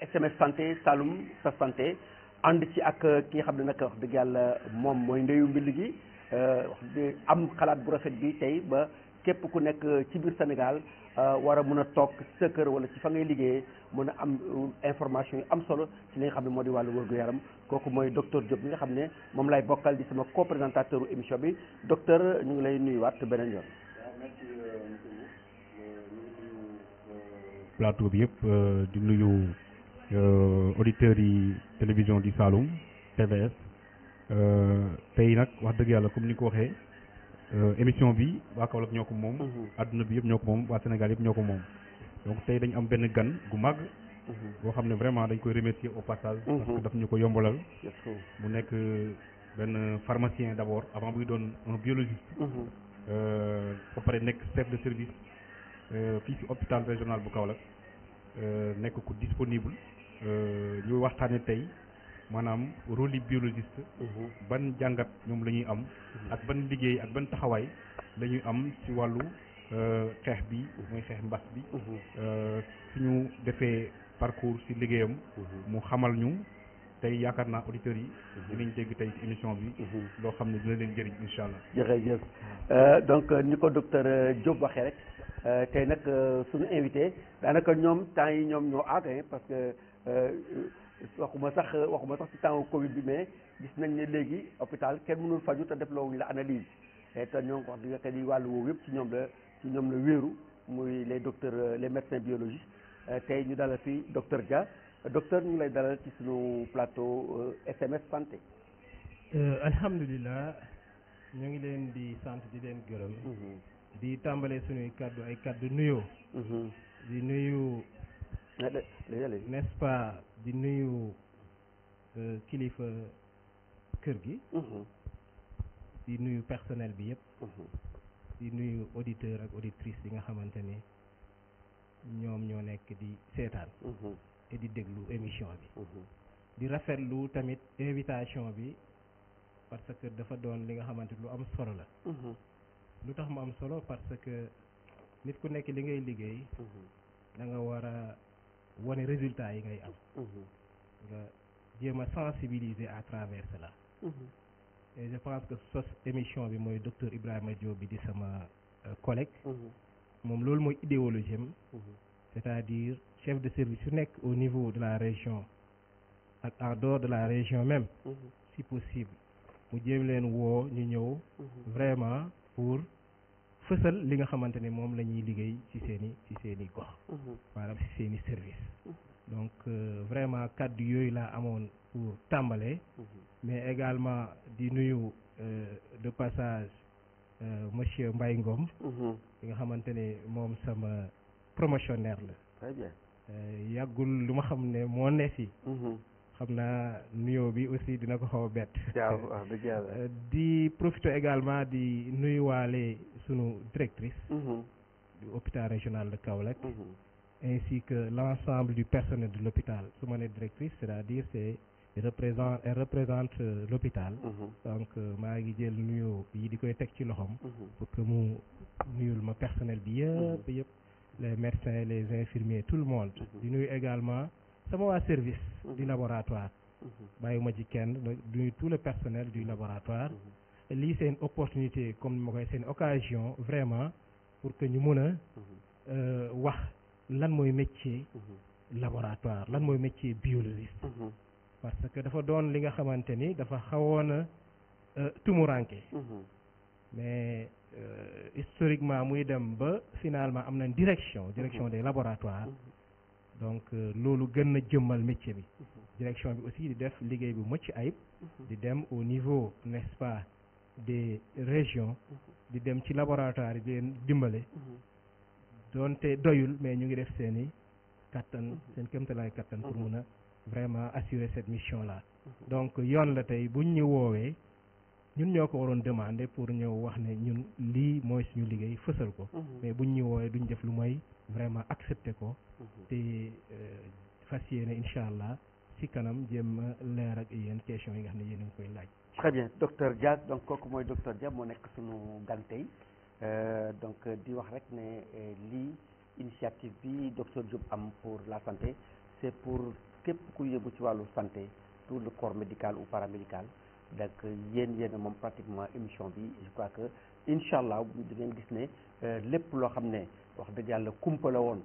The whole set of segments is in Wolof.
SMS santé Saloum sa santé ànd ci ak ki xam ne nag wax dëgg yàlla moom mooy ndeyu mbind gi euh, am xalaat bu rafet bi tey ba képp ku nekk ci biir Sénégal euh, war a mun a toog sa kër wala ci fa ngay liggéeyee mën a am euh, information yu am solo ci li nga xam ne moo di wàllu wërgu yaram kooku mooy docteur Diop bi nga xam ne moom lay bokkal di sama co-présentateur émission bi docteur ñu ngi lay nuyuwaat beneen yoon. Euh, plateau bi yëpp di nuyu auditeurs yi télévision di Saloum TVS tey nag wax dëgg yàlla comme ni ko waxee. Euh, émission bi waa Kaolack ñoo ko moom. Mhm. adduna bi yëpp ñoo ko moom waa Sénégal yëpp ñoo ko moom. donc tey dañ am benn gan gu mag. Mhm. boo xam ne vraiment dañ koy remercier au passage. Mhm. parce que daf ñu ko yombalal. mu nekk euh, benn pharmacien d' abord avant buy doon un biologiste. Euh, ba pare nekk chef de service fii ci hôpital régional bu Kaolack nekk ku disponible ñu waxtaane tey. maanaam rôle biologiste. Mhm. ban jàngat ñoom la ñuy am. Mhm. ak ban liggéey ak ban taxawaay la am ci wàllu euh, xeex bi muy xeex mbas bi. Mhm. Euh, suñu defee parcours ci liggéeyam. mu xamal ñu tey yaakaar naa auditeurs yi. dinañ dégg tey ci émission bi. loo xam ne dina leen jëriñ incha allah. jërëjëf euh, donc ni ko docteur Diop waxee rek. tey nag suñu invité daanaka ñoom temps yi ñoom ñoo aag parce que. waxuma sax waxuma sax ci temps Covid bi mais gis nañ ne léegi hôpital kenn mënul faju te def loowuñu la analyse et te ñoo ngi ko wax di waxee di wàllu woowu yëpp ci ñoom la ci ñoom la wéeru muy les docteurs les médecins biologistes tey ñu dala fi docteur Dia docteur ñu ngi lay dalal ci suñu plateau SMS euh, santé. Euh, alhamdulilah ñu ngi leen di sant di leen gërëm. Mm-hmm. di tàmbalee suñuy kàddu ay kàddu nuyoo. Mm-hmm. di nuyu. nest pas di nuyu euh, kilifa kër gi mm-hmm. di nuyu personnel bi yëpp mm-hmm. di nuyu auditeur ak auditrice yi nga xamante ni ñoom ñoo nekk di seetaan mm-hmm. te di déglu émission bi di rafetlu tamit invitation bi parce que dafa doon li nga xamante lu am solo la lu tax mu am solo parce que nit ku nekk li ngay liggéey da war wane résultat yi ngay am mhm. nga sensibiliser à travers cela mhm. et je pense que sos émission bi mooy docteur Ibrahima Diop bi di sama euh, collègue mhm. moom loolu mooy idéologie c'est-à-dire chef de service au niveau de la région ak en dehors de la région même si possible mu jéem leen woo ñu ñëw vraiment pour fësal li nga xamante ne moom la ñuy liggéey ci seen i ci seen i gox. Mhm. maanaam ci seen i service mhm. donc euh, vraiment kàddu yooyu laa amoon pour tàmbalee. Mhm. mais également di nuyu euh, de passage euh, monsieur Mbaye Ngom. li nga xamante ne moom sama promotionnaire la. très bien yàggul lu ma xam ne moo ne fi. xam naa nuyoo bi aussi dina ko xaw a bett. di profito également di nuyuwaale sunu directrice mhm. du hôpital régional de Kaolack mhm. ainsi que l'ensemble du personnel de l'hôpital sous ma directrice c'est-à-dire c'est représente elle représente euh, l'hôpital mhm. donc euh, ma ngi nous, nuyoo l'hôpital pour que mu nuyul personnel bien les médecins les infirmiers tout le monde nous sommes également sama service du laboratoire Je suis tout le personnel du laboratoire c'est seen opportunité comme ni ma c'est seen occasion vraiment pour que ñu mën a mhm. euh, wax lan mooy métier mhm. laboratoire lan mooy métier biologiste mhm. parce que dafa doon li nga xamante ni dafa xawoon a euh, tumuranke mais euh, historiquement muy dem ba finalement am une direction direction des laboratoires donc loolu gën a jëmmal métier bi direction bi aussi di def liggéey bu mucc ayib di dem au niveau n'est-ce pas des régions di dem ci laboratoire di dimbalé mhm. donté doyul mais ñu ngi def seen i kattan mhm. seen kéemtalaay kattan pour mhm. vraiment assurer cette mission là donc yoon la tey buñ ñu wowe ñun ñoko waron demander pour ñëw wax né ñun li moy suñu liggéey fessel ko mais buñ ñu wowe duñ def lu mooy vraiment accepter ko te euh, fas Inshallah, si kanam jéem lér ak yéen question yi nga xam ne ngi koy laaj très bien docteur Diack donc kooku mooy docteur Diack mo nek suñu gan euh, donc euh, di wax rek ne euh, li initiative bi docteur Job am pour la santé c'est pour képp ku yëngu ci walu santé tout le corps médical ou paramédical donc euh, yéen yéen mom pratiquement émission bi je crois que incha bu di ngeen gis ne lépp lo xamné wax dëgg yalla kumpa la woon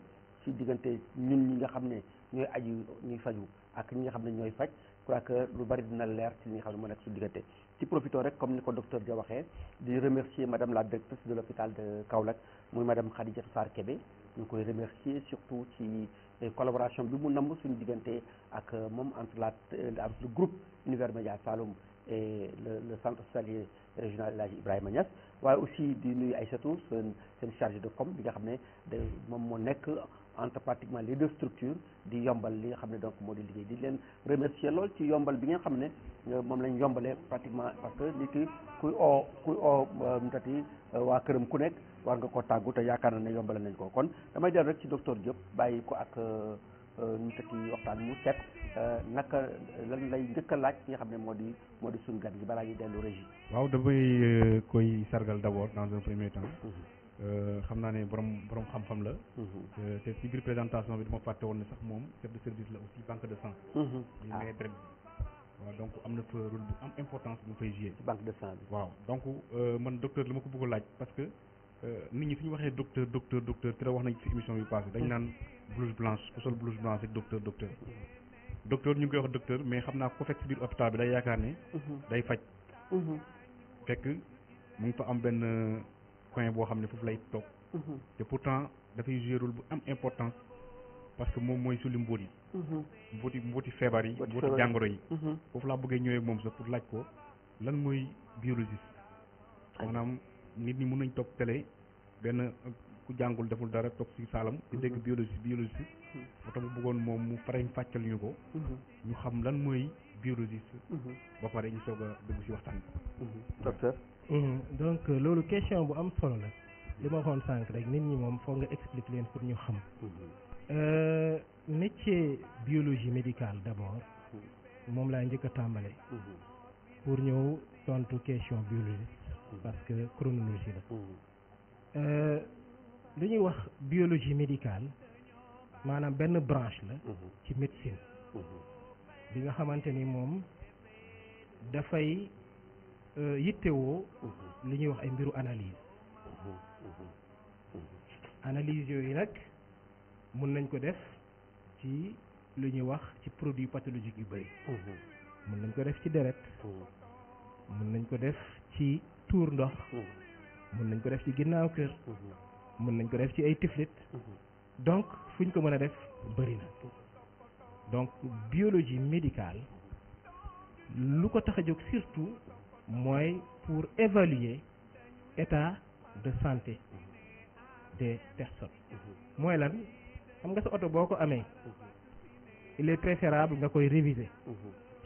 ci diggante ñun ñi nga xamné ñoy aji aju ñuy faju ak ñi nga xamné ñoy ñooy faj crois que lu bari dina leer ci li nga xam mo moo su suñu ci profito rek comme ni ko docteur Dia waxé di remercier madame la directrice de l'hôpital de Kaolack muy madame Khadija Sarr Kébé ñu koy remercier surtout ci eh, collaboration bi mu namb suñu diggante ak euh, mom entre la euh, le groupe Univers Média Saloum et le centre hospitalier régional El Hadji Ibrahima Niass waaye aussi di nuyu Aïssatou seen seen chargé de comme bi nga xam ne da moom moo nekk entre pratiquement les deux di yombal li nga xam ne donc moo di liggéey di leen remercier lool ci yombal bi nga xam ne euh, moom lañ yombalee pratiquement parce que nit ki kuy oo kuy oo euh, tati euh, waa këram ku nekk war nga ko tàggu te yaakaar na ne yombale nañ ko kon damay dellu rek ci docteur Diop bàyyi ko ak Euh, ñu tekki waxtaan mu set euh, naka lan lay njëkk a laaj ki nga xam ne moo di moo di suñu gan gi balaa ñuy dellu régie. waaw damay euh, koy sargal d'abord dans un premier temps. Mhm. xam naa ne borom borom xam-xam la. Mhm. te ci biir présentation bi dama fàtte woon ne sax moom chef de service la aussi banque de sang. Mhm. ah ñu ngi waaw donc am na fa rôle bu am importance bu fay jouer. banque de sang bi waaw donc man docteur la ma ko bëgg laaj parce que nit ñi ñu waxee docteur docteur docteur te wax nañ ci émission bi passé dañ naan blouse blanche ku seul blouse blanche ak docteur docteur docteur ñu ngi wax docteur mais xam naa ko fekk biir hôpital bi day yaakaar day fekk am coin pourtant dafay jouer rôle bu parce que moom mooy Il mbóot yi mhm. mbóoti mbóoti feebar yi yi pour laaj ko lan biologiste nit ñi télé ku jàngul deful dara toog si saalam di dégg mhm. biologie biologie mhm. moo tax mu bëggoon moom mu farañ fàccal ñu ko mhm. ñu xam lan mooy biologie ba pare ñu soog a dugg si waxtaan docteur donc euh, loolu question bu am solo la li ma waxoon sànq rek nit ñi moom foog nga explique leen pour ñu xam euh, métier biologie médicale d'abord moom laa njëkk a tàmbale pour ñëw tontu question biologie parce que chronologie la euh, li ñuy wax biologie médicale maanaam benn branche la mhm. ci médecine mhm. bi nga xamante ni moom dafay euh, yittewoo mhm. li ñuy wax ay mbiru analyse analyse yooyu nag mun nañ ko def ci lu ñuy wax ci produit pathologique yu bëri mun nañ ko def ci deret mun nañ ko def ci tuur ndox mun nañ ko def ci ginnaaw kër mën nañ ko def ci ay tiflit donc fuñ ko mën a def bëri na donc biologie médicale lu ko tax a jóg surtout mooy pour évaluer état de santé des personnes mooy lan xam nga sa oto boo ko amee il est préférable nga koy réviser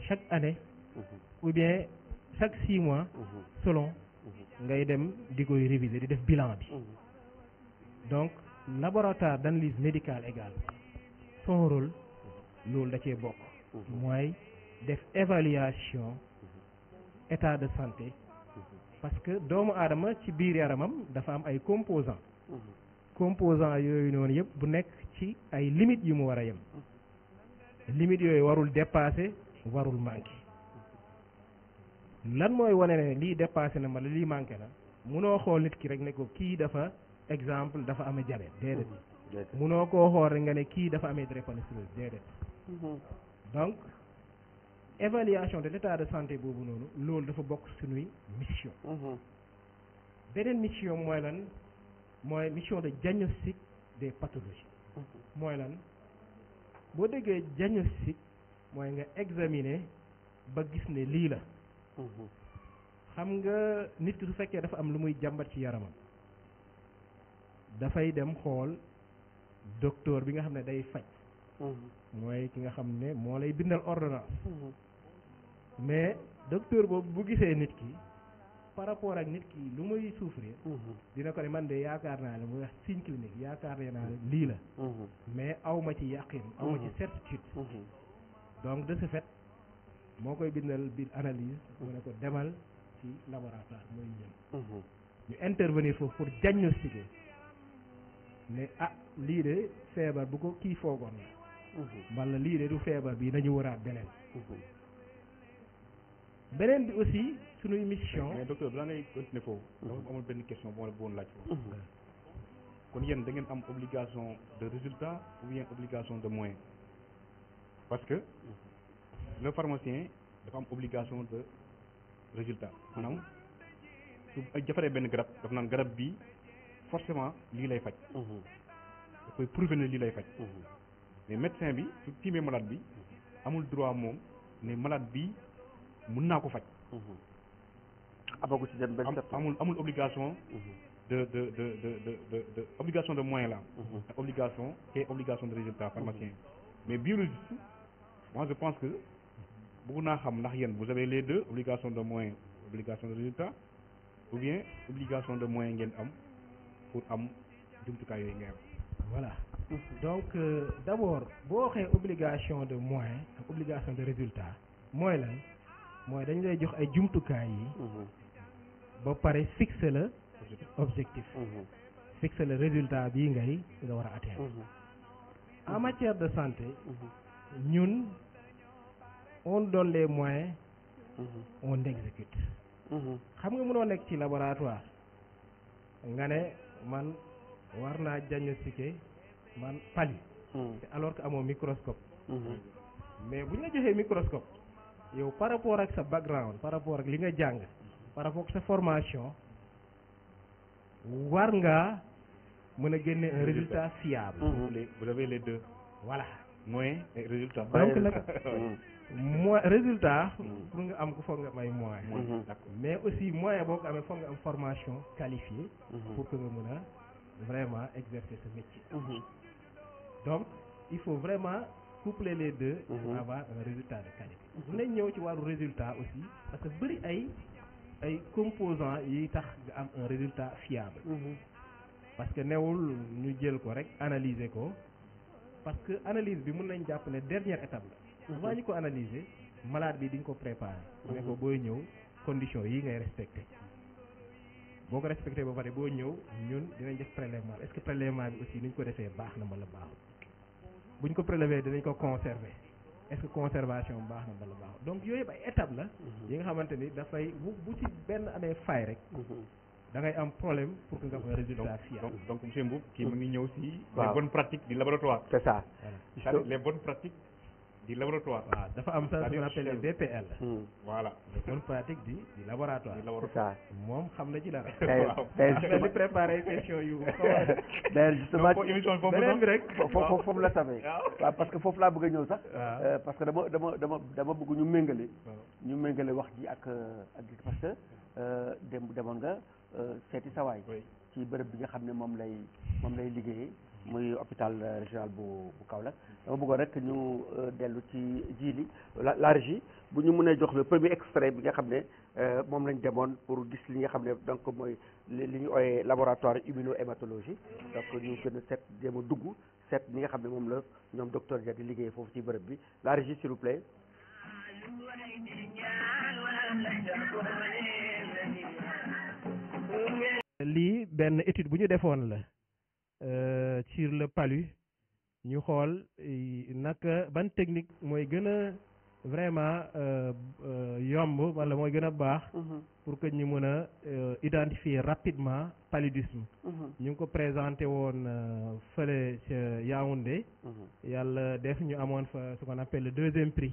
chaque année ou bien chaque six mois selon ngay dem di koy réviser di def bilan bi donc laboratoire d'analyse médicale égale son rôle lool da cee bok moy def évaluation état de santé parce que doomu adama ci biir yaramam dafa am ay composants composants yooyu noonu yëpp bu nekk ci ay limites yu mu war a yem limites yooyu warul dépasser warul manqué lan mooy wane ne lii dépassé na ma la lii manqué na munoo xool nit ki rek ne ko kii dafa exemple dafa amee diabète déedéet. Mm-hmm. déedéet munoo koo xool rek nga ne kii dafa amee drépanocytose déedéet. Mm-hmm. donc évaluation de l'état de santé boobu noonu loolu dafa bokk suñuy mission. Mm-hmm. beneen mission mooy lan mooy mission de diagnostic des pathologies. mooy lan boo déggee diagnostic mooy nga examiner ba gis ne lii la. xam nga nit ki su fekkee dafa am lu muy jàmbat ci yaramam. dafay dem xool docteur bi nga xam ne day faj mhm. mooy ki nga xam ne moo lay bindal ordonnance mhm. mais docteur boobu bu gisee nit ki par rapport ak nit ki lu muy souffrir mhm. dina ko ne man de yaakaar naa ne mu wax signe clinique yaakaar naa ne lii la mais awma ci yaqin awma ci certitude donc de ce moo koy bindal bi analyse mu ne ko demal ci laboratoire muy ñëm ñu intervenir foofu pour diagnostiquer ne ah lii de feebar bu ko kii foogoon la mhm. wala lii de du feebar bi nañu waraat beneen mhm. beneen bi aussi suñuy émission mais docteur balaa ngay continuer foofu mhm. dafa amul benn question bu ma la bëggoon laaj kon yéen da ngeen am obligation de résultat ou bien obligation de moyens parce que le pharmacien dafa am obligation de résultat maanaam su jafaree benn garab dafa naan garab bii forcément lii lay faj. Mhm. dafay prouver ne lii lay faj. Mhm. mais médecin bi su tiimee malade bi amul droit moom ne malade bi mën naa ko faj. Mhm. amagu ci dem amul amul obligation. de de de de de de obligation de moyen là. obligation et obligation de résultat pharmacien mais biologiste moi je pense que bëgg naa xam vous avez les deux obligation de moyen obligation de résultat ou bien obligation de moyen ngeen am pour am voilà mm-hmm. donc euh, d'abord, abord obligation de moyens obligation de résultat mooy là, mooy dañ lay jox ay yi mm-hmm. ba pare fixer le objectif mm-hmm. fixer le résultat bi ngay nga war atteindre en matière de santé nous, on donne les moyens on exécute xam nga nekk ci laboratoire on man war naa diagnostiquer man pali hmm. alors que amoo microscope hmm. mais bu ñu la joxee microscope yow par rapport ak sa background par rapport ak li nga jàng par rapport ak sa formation war nga mën a génne un résultat fiable hmm. vous avez les deux mooy résultat donc nag moins mm-hmm. résultat mm-hmm. pour nga am ko nga mm-hmm. mais aussi moyen boo amé fo nga formation qualifiée pour que nga puisse vraiment exercer ce métier donc il faut vraiment coupler les deux pour avoir un résultat de qualité nañ ñëw ci résultat aussi parce que bari ay ay composants yi un résultat fiable parce que nous ñu jël ko rek analyser ko parce que analyse bi mën nañ dernière étape waa ñu ko analyser malade bi di nga ko préparer. ne ko booy ñëw condition yi ngay respecté boo ko respecté ba pare boo ñëw ñun dinañ def prélèvement est-ce que prélèvement bi aussi ni ñu ko defee baax na wala baaxul bu ñu ko prélevé dinañ ko conserver est-ce que conservation baax na wala baaxul donc yooyu yëpp ay étape la. yi nga xamante ni dafay bu bu ci benn amee faay rek. da ngay am problème pour que nga am résultat fiable. donc donc monsieur Mboup kii mu ngi ñëw si. waaw les bonnes pratiques du laboratoire. c'est ça. Voilà. les bonnes di laboratoire. waaw ah, dafa am ça ce qu'on appelle DPL. voilà le moom xam na ci dara. waaw xam di préparé question yu. d'ailleurs justement beneen bi rek foofu la safee. parce que foofu laa bëgg ñëw sax. Euh, parce que dama dama dama dama bëgg ñu méngale. ñu méngale wax ji ak euh, ak parce euh, que dem demoon nga seeti sawaay. ci bërëb bi nga xam ne moom lay moom lay liggéeyee. muy hôpital euh, régional bu bu Kaolack dama bëggoon rek ñu euh, dellu ci jiili la la bu ñu mënee jox le premier extrait bi nga xam ne euh, moom lañ demoon pour gis li nga xam ne donc mooy li ñu ooyee laboratoire immunohématologie donc ñu gën a seet dugg seet li nga xam ne moom la ñoom docteur Dia di liggéey foofu ci bërëb bi la régie s'il vous lii benn étude bu ñu defoon la. sur euh, le palu ñu xool euh, naka ban technique mooy gën a vraiment euh, euh, yomb wala mooy gën a mhm. pour que nous puissions euh, identifier rapidement paludisme. Mhm. Nous avons présenté euh, feuillet ca Yaoundé. Mhm. yàlla def ñu amoon fa ce qu'on appelle le deuxième prix.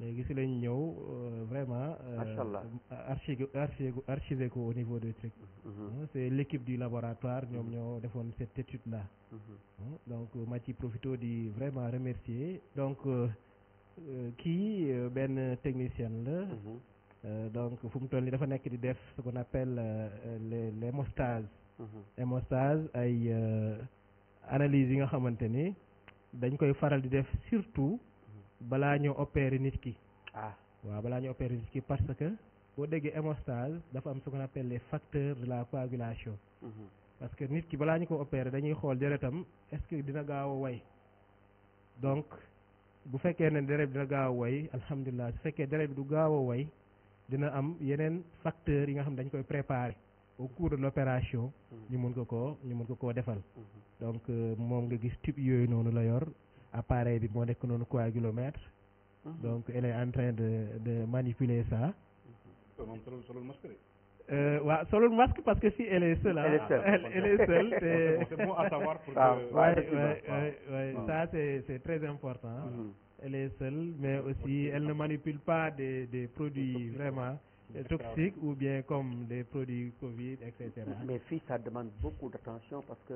Et si lañ ñëw euh, vraiment. euh, archi archi archivé au niveau de truc. Hein, c'est l'équipe du laboratoire qui ñoo fait cette étude là. Hein, donc Mathieu profiteau profito vraiment remercier donc. Euh, ki euh, ben technicien la. Mhm. Euh, donc fum mu toll nii dafa nek di def ce qu'on appelle les les les mhm. hémostase ay analyse yi nga xamanteni dañ koy faral di def surtout mhm. bala ñu opérer nit ki. ah wa bala ñu opérer nit ki parce que bo déggee hémostase dafa am ce qu'on appelle les facteurs de la coagulation. parce que nit ki bala ñu ko opérer dañuy xool deretam est-ce que dina gaaw way donc bu fekkee ne deret dina gaaw way woy alhamdulilah su fekkee deret du gaaw a woy dina am yeneen facteurs yi nga xam dañ koy préparer au cours de l'opération mhm. ñu mun ko koo ñu mun ko koo defal mhm. donc euh, moom nga gis tube yooyu noonu la yor appareil bi moo nekk noonu coagulomètre mhm. donc elle est en train de de manipuler ça euh, ouais, selon masque parce que si elle est seule, elle, est, hein. seule, c'est bon à savoir pour Ça, c'est très important. Mm-hmm. Elle est seule, mais aussi, elle ne manipule pas des, des produits vraiment toxiques ou bien comme des produits Covid, etc. Mais fille, ça demande beaucoup d'attention parce que,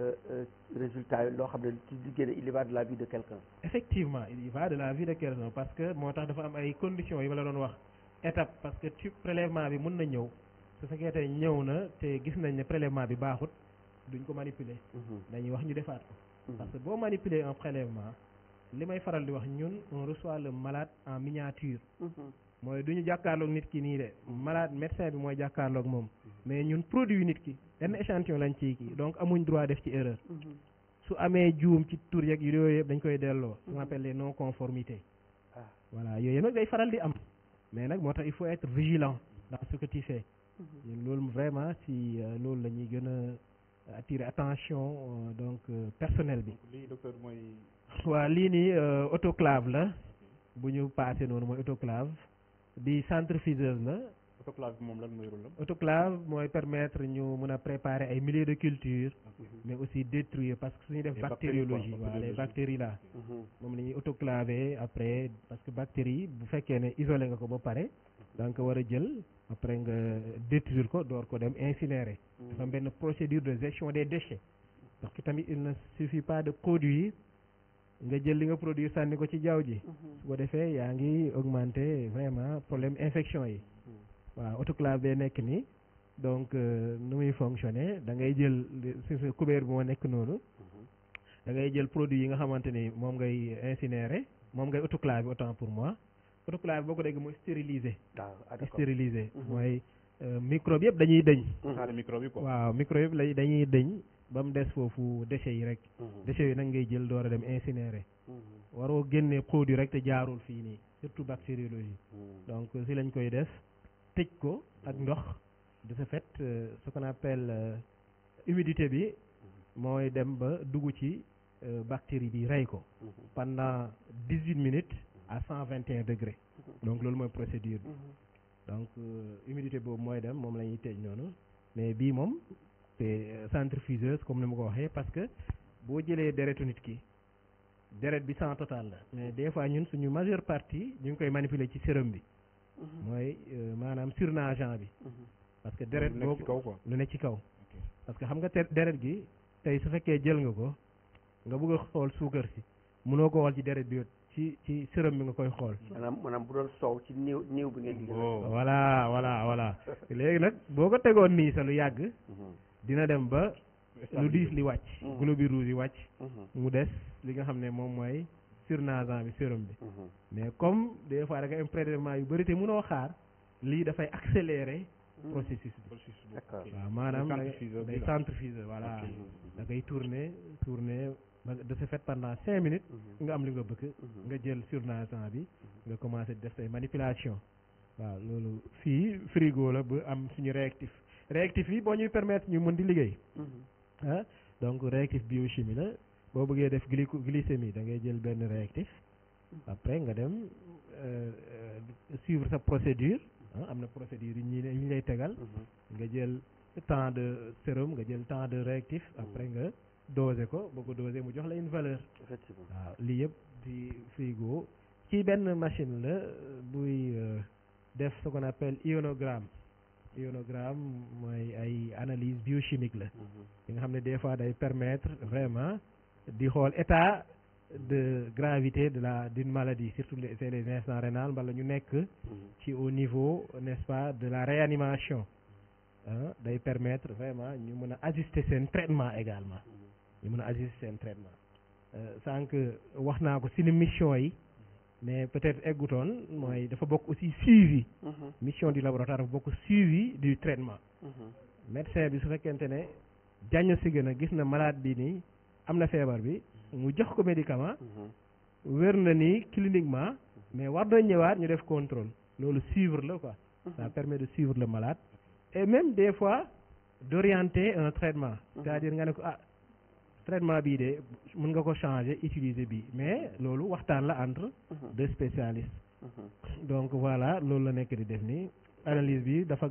euh, euh, résultat, il va de la vie de quelqu'un. Effectivement, il va de la vie de quelqu'un parce que mon temps de femme a des conditions, il va leur étape parce que tu prélèvement avec mon su fekkee tey ñëw na te gis nañ ne prélèvement bi baaxut duñ ko manipuler. Mhm. dañuy wax ñu defaat ko. Mhm. parce que boo manipuler un prélèvement li may faral di wax ñun on reçoit le malade en miniature. Mhm. mooy duñu ñu jàkkaarloog nit ki nii de malade médecin bi mooy jàkkaarloog moom mais ñun produit nit ki benn échantillon lañ ciy kii donc amuñ droit def ci erreur. su amee juum ci tur yeeg yooyu yëpp dañ koy delloo. ce qu'on appelle les non conformités. Ah. voilà yooyu nag day faral di am mais nag moo tax il faut être vigilant dans ce que tu fais. Mhm. loolu vraiment si euh, loolu la ñuy gën euh, attirer attention euh, donc personnel bi. lii docteur autoclave la. bu ñu autoclave. bi centrifugeuse autoclave moom autoclave permettre ñu a préparer des milliers de cultures. Mhm. mais aussi détruire parce que c'est def. bactériologie les bactéries là. Mhm. moom la ñuy autoclaver après parce que bactéries bu fekkee ne isolé nga ko ba da nga jël après nga détruire ko door ko dem incinérer. Mm. dafa am benn procédure de gestion des déchets. parce que tamit il ne suffit pas de produire nga jël li nga produire sànni ko ci jaww ji. Mm-hmm. su ko defee yaa ngi augmenter vraiment problème infection yi. Mm. waaw autoclave bee nekk nii donc euh, nu muy fonctionner da ngay jël si sa couvert bi moo nekk noonu. Mm-hmm. da ngay jël produit yi nga xamante ni moom ngay incinérer moom ngay autoclave autant pour moi roclage boo ko dégg mooy stérilisé. Ah, ah, stérilisé mhm. mooy euh, microbe yëpp dañuy dëñ. Mhm. microbe yi quoi waaw microbe yëpp lay dañuy dëñ ba mu des foofu déchets yi rek. Mhm. déchets yi nag ngay jël door a dem incinéré. waroo génne produit rek te jaarul fii nii surtout bactériologie. donc si lañ koy def tëj ko ak ndox de ce fait euh, ce qu'on appelle euh, humidité bi mooy dem ba dugg ci bactérie bi rey ko. pendant 18 minutes à 121 degrés. donc loolu mooy procédure mhm. donc euh, humidité boobu mooy dem moom la ñuy tëj mais bii moom c'est euh, centrifugeuse comme ni ma ko waxee parce que boo jëlee deretu nit ki deret bi sans total mais des fois ñun suñu majeure partie ñu ngi koy manipuler ci sérum bi mhm. mooy euh, maanaam surnageant bi mhm. parce que deret boobu lu ne ci kaw parce que xam nga deret gi tey su fekkee jël nga ko nga bëgg a xool suukar si mënoo ko xool ci deret bi ci ci sërëm bi nga koy xool. maanaam maanaam bu doon soow ci néew néew bi ngeen. voilà voilà léegi nag boo ko tegoon nii sa lu yàgg. Mhm. dina dem ba. lu diis li wàcc. Mhm. globules rouges yi wàcc. Mhm. mu des li nga xam ne moom mooy surnageant bi sérum bi. mais comme des fois da nga am yu bëri te mënoo xaar lii dafay accélérer. processus bi waaw maanaam day centrifuge voilà da ngay tourner tourner. de ce fait pendant cinq minutes mhm. nga am li nga bëgg mhm. nga jël surnageant bi mhm. nga commencé def say manipulation waaw loolu fii frigo la bu am suñu réactif réactif yi boo ñuy permettre ñu mën di liggéey donc ah, donc réactif biochimie la boo bëggee def gli glycémie da ngay jël benn réactif après nga dem euh, euh, suivre sa procédure ah, am na procédure yi ñu lay tegal nga jël temps de sérum nga jël temps de réactif après nga dosé ko de ko dosé mu jox la une valeur effectivement waaw lii yëpp di frigo ci machine la euh, buy euh, def ce qu'on appelle ionogramme ionogramme mooy ay analyse biochimique la mhm. yi nga des fois day permettre vraiment di xool état de gravité de la d'une maladie surtout les c'est les instants rénales que ñu nekk mhm. ci au niveau n'est-ce pas de la réanimation hein, day permettre vraiment ñu mën ajuster seen traitement également mhm ñu mën a ajuster seen traitement euh, sànq wax naa ko si mission yi mais peut-être eggutoon mooy dafa bokk aussi suivi mhm. mission du laboratoire dafa bokk suivi du traitement mhm. médecin bi su fekkente ne diagnostic na gis na malade bi ni am na feebar bi mu jox ko médicament mhm. wér na ni cliniquement mais war na ñëwaat ñu def contrôle loolu suivre la quoi ça permet de suivre le malade et même des fois d'orienter un traitement c'est-à-dire nga ne ko ah traitement bii de mën nga ko changer utiliser bi mais loolu waxtaan la entre mhm. deux spécialistes mhm. donc voilà loolu la nekk di def ni analyse bi dafa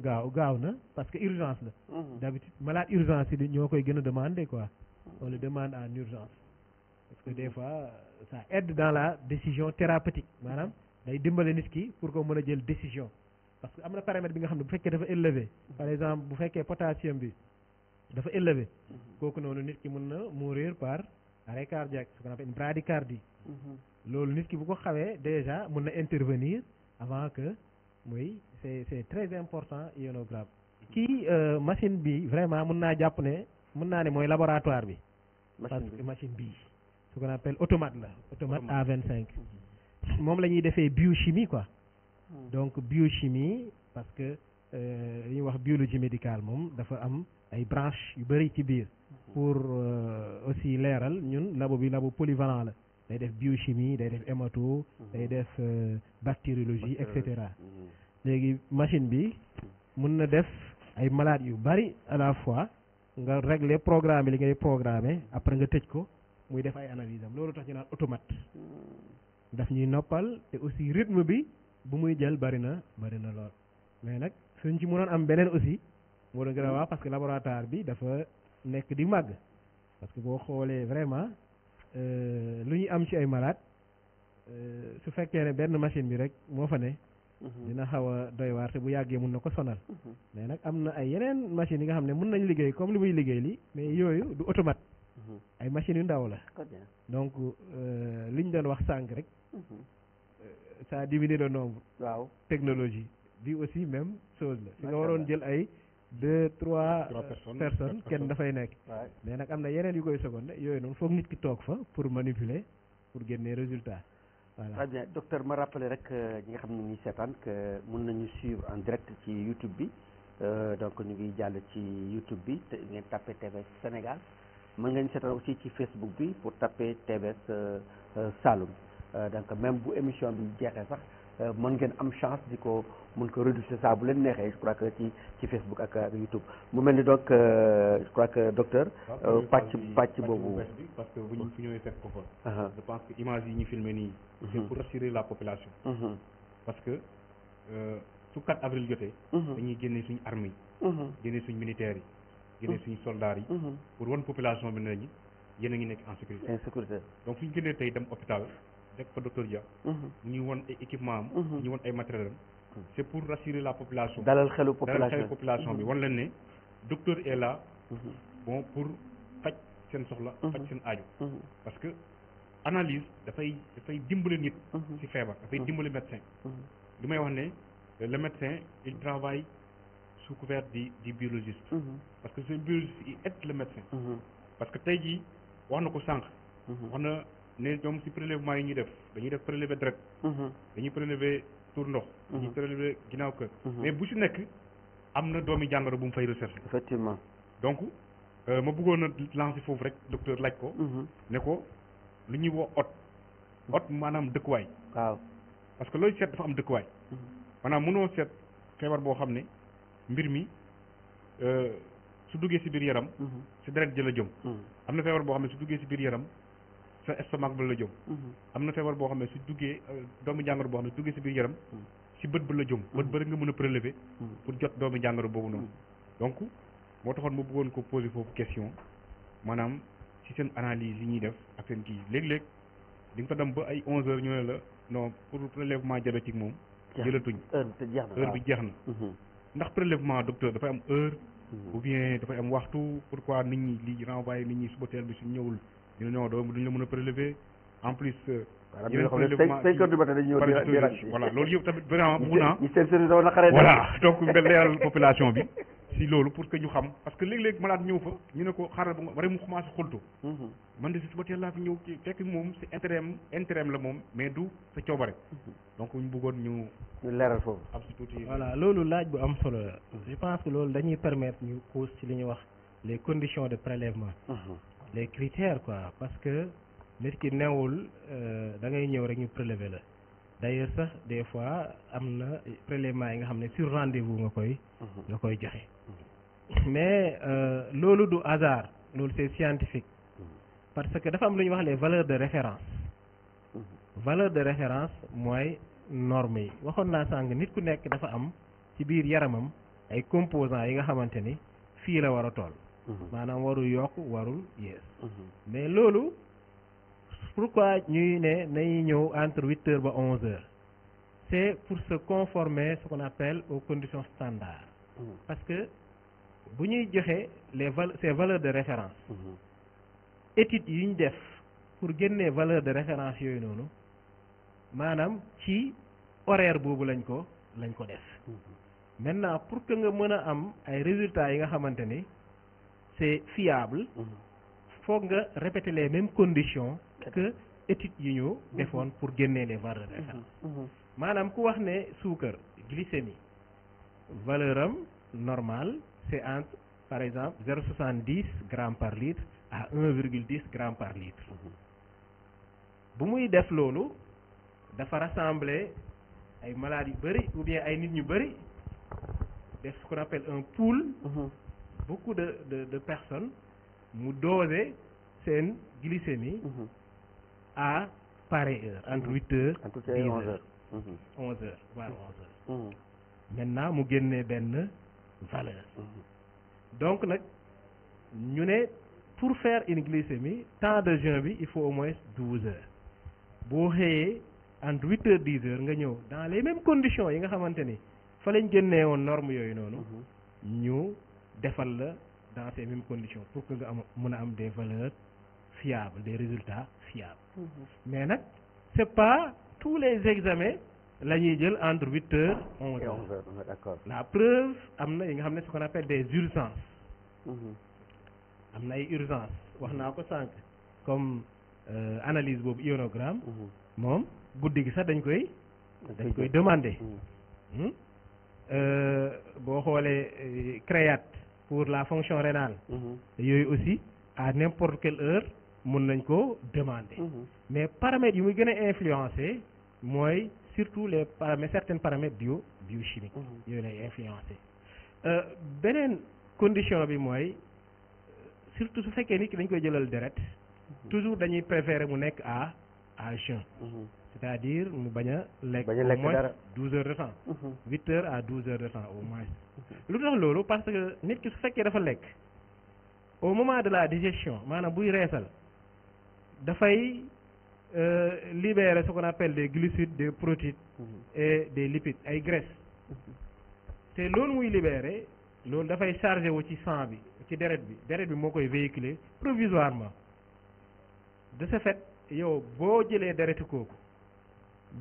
parce que urgence la mhm. d'habitude malade urgence yi ñoo koy quoi on le demande en urgence parce que des fois ça aide dans la décision thérapeutique maanaam day dimbale nit ki pour ko mën a jël décision parce que am na paramètre bi nga xam ne bu fekkee dafa élevé par exemple bu fekkee potassium bi dafa élevé kooku noonu nit ki mën na mourir par arrêt cardiaque ce qu'on appelle une bradycardie mhm. loolu nit ki bu ko xawee déjà mën na intervenir avant que muy c'est très important est mhm. kii euh, machine bi vraiment mën naa jàpp ne mën naa ne laboratoire bi parce que machine bi ce qu'on appelle automate la automate A25 mhm. moom la ñuy defee biochimie quoi donc biochimie parce que euh, li ñuy wax biologie médicale moom ay branche yu bëri ci biir pour euh, aussi leeral ñun labo bi labo polyvalent la day def biochimie day def hémato day def euh, bactériologie et cetera léegi machine bi mun na def ay malades yu bari à la fois nga régler programme li ngay programmer après nga tëj ko muy def ay analyse am loolu tax ñu naan automate hmm. daf ñuy noppal te aussi rythme bi bu muy jël bari na bari na lool mais nag suñ ci mënoon am beneen aussi moo doon gën a waaw parce que laboratoire bi dafa nekk di màgg parce que boo xoolee vraiment euh, lu ñu am ci ay malade euh, su fekkee ne benn machine bi rek moo fa ne mhm. dina xaw a doy waar te bu yàggee mun na ko sonal mhm. mais nag am na ay yeneen machines yi nga xam ne mun nañ liggéey comme li muy liggéey li mais yooyu du automate mhm. ay machines yu ndaw la donc euh, li ñu doon wax sànq rek ça diminuer le nombre waaw technologie bi aussi même chose la si nga waroon jël ay deux trois euh, personnes kenn dafay nekk mais nak amna yeneen yu koy seconde yooyu noonu foog nit ki toog fa pour manipuler pour génne résultat voilà très bien docteur ma rappelé rek euh, ñi nga xam ne ñuy seetaan que mën nañu suivre en direct ci YouTube bi euh, donc ñu ngi jàll ci YouTube bi te ngeen tapé TVS Sénégal mën ngeen seetaan aussi ci Facebook bi pour tapé TVS Saloum donc même bu émission bi jeexee sax mën ngeen am chance di ko mun ko rediffusé saa bu leen neexee je crois que ci ci Facebook ak YouTube mu mel ni donc euh, je crois que docteur. patch euh, patch boobu parce que bu ñu fi fait fekk ko fa. Uh-huh. je pense que image yi ñu filmé ni uh-huh. c'est pour rassurer la population. Uh-huh. parce que euh, su 4 avril jotee. dañuy génne suñu armée yi. génne suñu militaires yi. génne suñu soldats yi. pour wan population bi ne ñi yéen a ngi nekk en sécurité. en sécurité donc suñu génnee tey dem hôpital rek fa docteur Dia. ñu won équipement am. ñu won ay matériel c'est pour rassurer la population. dalal xelu population bi mhm. won leen né docteur est là. Mhm. bon pour faire ce soxla. Mhm. faj une aaju. parce que analyse il fay il nit. ci da fay dimbali médecin. Dimay wax né le médecin il travaille sous couvert du biologiste. parce que ce biologiste il est le médecin. parce que tey on wax na ko on a ne ci prélèvement yi ñu def dañuy def prélever direct. dañuy prélever tuur ndox. Mhm. ñu tëral ginnaaw kër. Mhm. mais bu ci nekk am na doomi jàngoro bu mu fay recherche. effectivement donc euh, ma bëggoon a lancer foofu rek docteur laaj ko. Mhm. ne ko lu ñuy woo ot. ot maanaam dëkkuwaay. waaw parce que looy seet dafa am dëkkuwaay. maanaam mënoo seet feebar boo xam ne mbir mi euh, su duggee si biir yaram. si deret jëla jëm. am na feebar boo xam ne su duggee si biir yaram. sa estomac ba la jëm. Mhm. am na feebar boo xam ne su duggee euh, doomu jàngoro boo xam ne duggee si biir yaram. Mhm. si bët ba la jëm. bët mhm. ba rek nga mën a prélever. pour jot doomu jàngoro boobu noonu. donc moo taxoon ma bëggoon ko poser foofu question maanaam si seen analyse yi ñuy def ak seen kii léeg-léeg di nga fa dem ba ay 11h ñu ne la non pour prélèvement diabétique moom. jëlatuñ heure bi jeex na heure bi jeex na. ndax prélèvement docteur dafay am heure. ou bien dafay am waxtu pourquoi nit ñi li renvoyé nit ñi suba teel bi suñ ñëwul ñu ne non doo la mën a prélever en plus. Euh, yeneen prélèvement cinq heures du matin dañu ñëw voilà loolu yëpp tamit vraiment mun naa. voilà donc nga leeral population bi. si loolu pour que ñu xam parce que léeg-léeg malade ñëw fa ñu ne ko xaaral ba nga war mu commencé xultu. Mhm. man de si suba teel laa fi ñëw ci fekk moom si intérêt am la moom mais du sa coobare. Mhm. donc ñu bëggoon ñu. ñu leeral foofu. am si tuuti voilà loolu laaj bu am solo la. je pense que loolu dañuy permettre ñu cause ci li ñu wax les conditions de prélèvement. Mhm les critères quoi parce que nit ki newul euh, da ngay ñew rek ñu prélever la d'ailleurs sax des fois am na prélèvement yi nga xam ne sur rendez-vous nga koy mhm. nga koy joxe mhm. mais euh, loolu du hasard loolu c'est scientifique mhm. parce que dafa am lu ñuy wax les valeurs de référence valeur de référence mooy normes yi waxoon naa sàng nit ku nekk dafa am ci biir yaramam ay composants yi nga xamante ni fii la war a toll Mhm. maanaam warul yokk warul yées mhm. mais loolu pour pourquoi ñuy ne nañuy ñëw entre huit heures ba onze heures c'est pour se conformer ce qu'on appelle aux conditions standards mhm. parce que bu ñuy joxe les val ces valeurs de référence études yu ñu def pour génnee valeur de référence yooyu noonu maanaam ci horaire boobu lañ ko lañ ko def maintenant pour que nga mën a am ay résultats yi nga xamante ni c'est fiable il mm-hmm. faut répéter les mêmes conditions que étude de ñu mm-hmm. pour gagner les valeurs mm-hmm. référence maanaam ku wax sucre, glycémie valeur normale c'est entre par exemple 0,70 g par litre à 1,10 g par litre bu muy def lolu dafa rassembler ay malades bari ou bien ay nit ñu ce qu'on appelle un pool beaucoup de, personnes nous dosent sen glycémie mhm. à pareille heure entre 8 mhm. h et 10 11 h maintenant nous avons ben valeur mhm. donc nak pour faire une glycémie temps de jeûne il faut au moins 12 heures bo xeyé entre 8 et 10 h dans les mêmes conditions yi nga que fa lañu génné norme yoyu defal dans ces mêmes conditions pour que nga am am des valeurs fiables des résultats fiables mm-hmm. mais nak c'est pas tous les examens lañuy jël entre 8h et h d'accord la preuve amna yi ce qu'on appelle des urgences mm-hmm. am ay urgences wax naa ko sànq mm-hmm. comme euh, analyse boobu ionogramme moom guddi gi sax dañ koy dañ koy demander hmm? euh, boo xoolee euh, créate pour la fonction rénale a mhm. aussi à n'importe quelle heure mun nañ demander mhm. mais paramètres qui muy influencés, surtout les paramètres certains paramètres bio biochimiques mhm. yooyu influencé. Euh, une condition bi sur surtout su qui est ki dañ koy toujours dañuy préférer mu à à c'est-à-dire mu va moins douze heures de temps mhm. huit heures à 12 heures de temps au moins mhm. lu tax loolu parce que nit ki su fekkee dafa lekk au moment de la digestion maanaam buy reesal dafay euh, libérer ce qu'on appelle des glucides des protéines mhm. et des lipides ay graisses C'est loolu muy libérer loolu dafay chargé wu ci sang bi ci deret bi deret bi moo véhiculer provisoirement de ce fait yow boo jëlee le kooku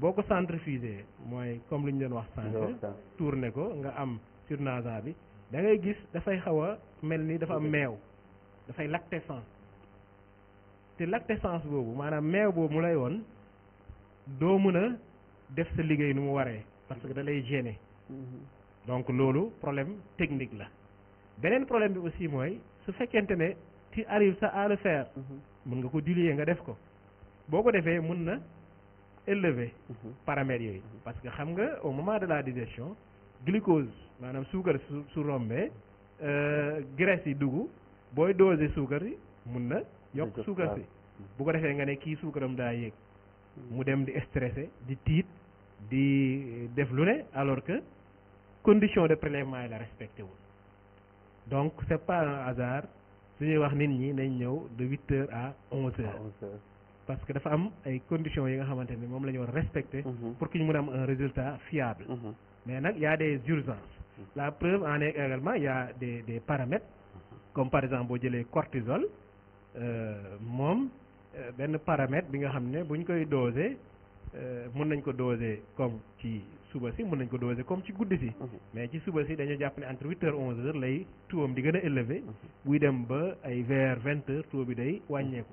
boko centrifuge moy comme tourne, leen wax ko nga am bi da ngay gis dafay a ni dafa am meew dafay te lactescence bobu manam meew bobu mu lay do def sa parce que da lay mm-hmm. donc problème technique la benen problème aussi moy su fekkente tu arrives à le faire mm-hmm. mën nga ko dilier nga def ko boko élevé mhm. paramètres yooyu parce que xam nga au moment de la digestion glucose manam sucre su su euh graisse yi dugg boy doser sucre, yi mun na yok suukar si bu ko defé nga ne kii suukaram da yéeg mhm. mu dem di stressé di tiit di def lu alors que condition de prélèvement la respecté wul donc c'est pas un hasard su wax nit ñi nañ ñëw de huit heures à onze heures parce que dafa am ay conditions yi nga xamante ni moom la ñu war respecter mhm. pour que ñu mën am un résultat fiable mhm. mais nag y a des urgences mhm. la preuve en est également y a des des paramètres comme par exemple boo jëlee cortisol euh, moom euh, benn paramètre bi nga xam ne bu ñu koy doser euh, mën nañ ko doser comme ci suba si mën nañ ko doser comme ci guddi si mais ci suba si dañu jàpp ne entre huit heures onze heures lay tuwam di gën a élevé buy dem ba ay vers vingt heures tuwa bi day wàññeeku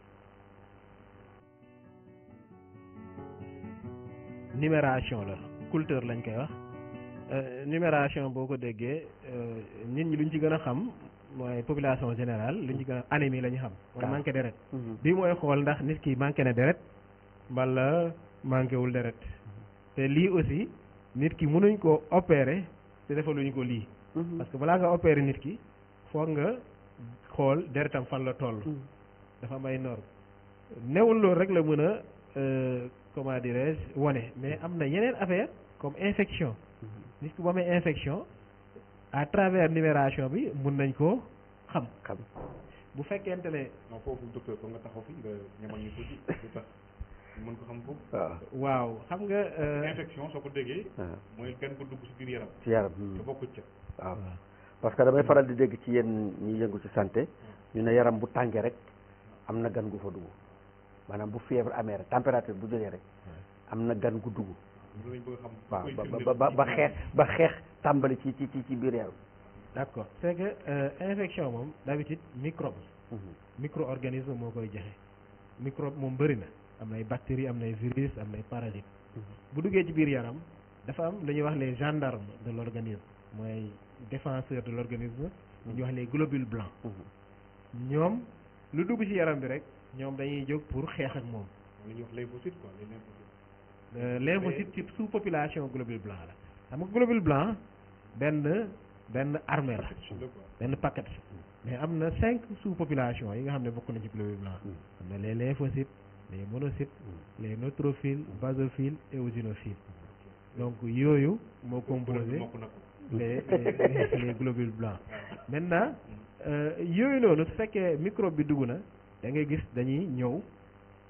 numération la culture lañ koy wax euh, numération boo ko déggee euh, nit ñi luñ ci gën a xam mooy population général luñ ci gën a anémie la ñu xam mooy manqué deret mhm. bi mooy xool ndax nit ki manqué na deret wala manqué wul deret te lii aussi nit ki mënuñ koo opérer te defaluñ ko lii mhm. parce que balaa nga opérer nit ki foog nga xool deretam fan la toll mhm. dafa may ay newul loolu rek la mën a euh, comment dirais-je wane mais am na yeneen affaire comme infection mhm. nit ki bu amee infection à travers libération bi mun nañ ko xam xam bu fekkente ne non foofu docteur ko nga taxaw fi nga ñamal ñu ko ci lu ko xam foofu ah. waaw xam nga Euh... infection soo ko déggee ah. mooy kenn ko dugg si biir yaram ci yaram hmm. te bokku ca waaw ah. parce que damay faral di dégg ci yéen ñi yëngu ci santé ñu ne yaram bu tàngee rek am na gan gu fa dugg maanaam bu fièvre amee rek température bu jógee rek am na gan gu dugg waaw ba ba xeex ba xeex tàmbali ci ci ci ci biir yaram d'accord c'est euh, infection moom d'habitude microbe micro-organisme moo koy joxe microbe moom bëri na am nay bactéries am nay virus am nay parasite mhm. bu duggee ci biir yaram dafa am lu ñuy wax les gendarmes de l'organisme mooy défenseur de l'organisme lu mhm. ñuy wax les globules blancs mhm. ñoom lu dugg ci yaram bi rek ñoom dañuy jóg pour xeex ak moom. li ñuy wax lymphocyte quoi les lymphocytes. lymphocyte euh, ci sous population globule blanc la xam nga globule blanc benn benn armée la benn paquet mais am na cinq sous population yi nga xam ne bokk na ci globule blanc. Hmm. am na les lymphocytes les monocytes hmm. les neutrophiles hmm. basophiles et eosinophiles donc yooyu moo composé les les globules blancs maintenant euh, yooyu noonu su fekkee microbe bi dugg na. da ngay gis dañuy ñëw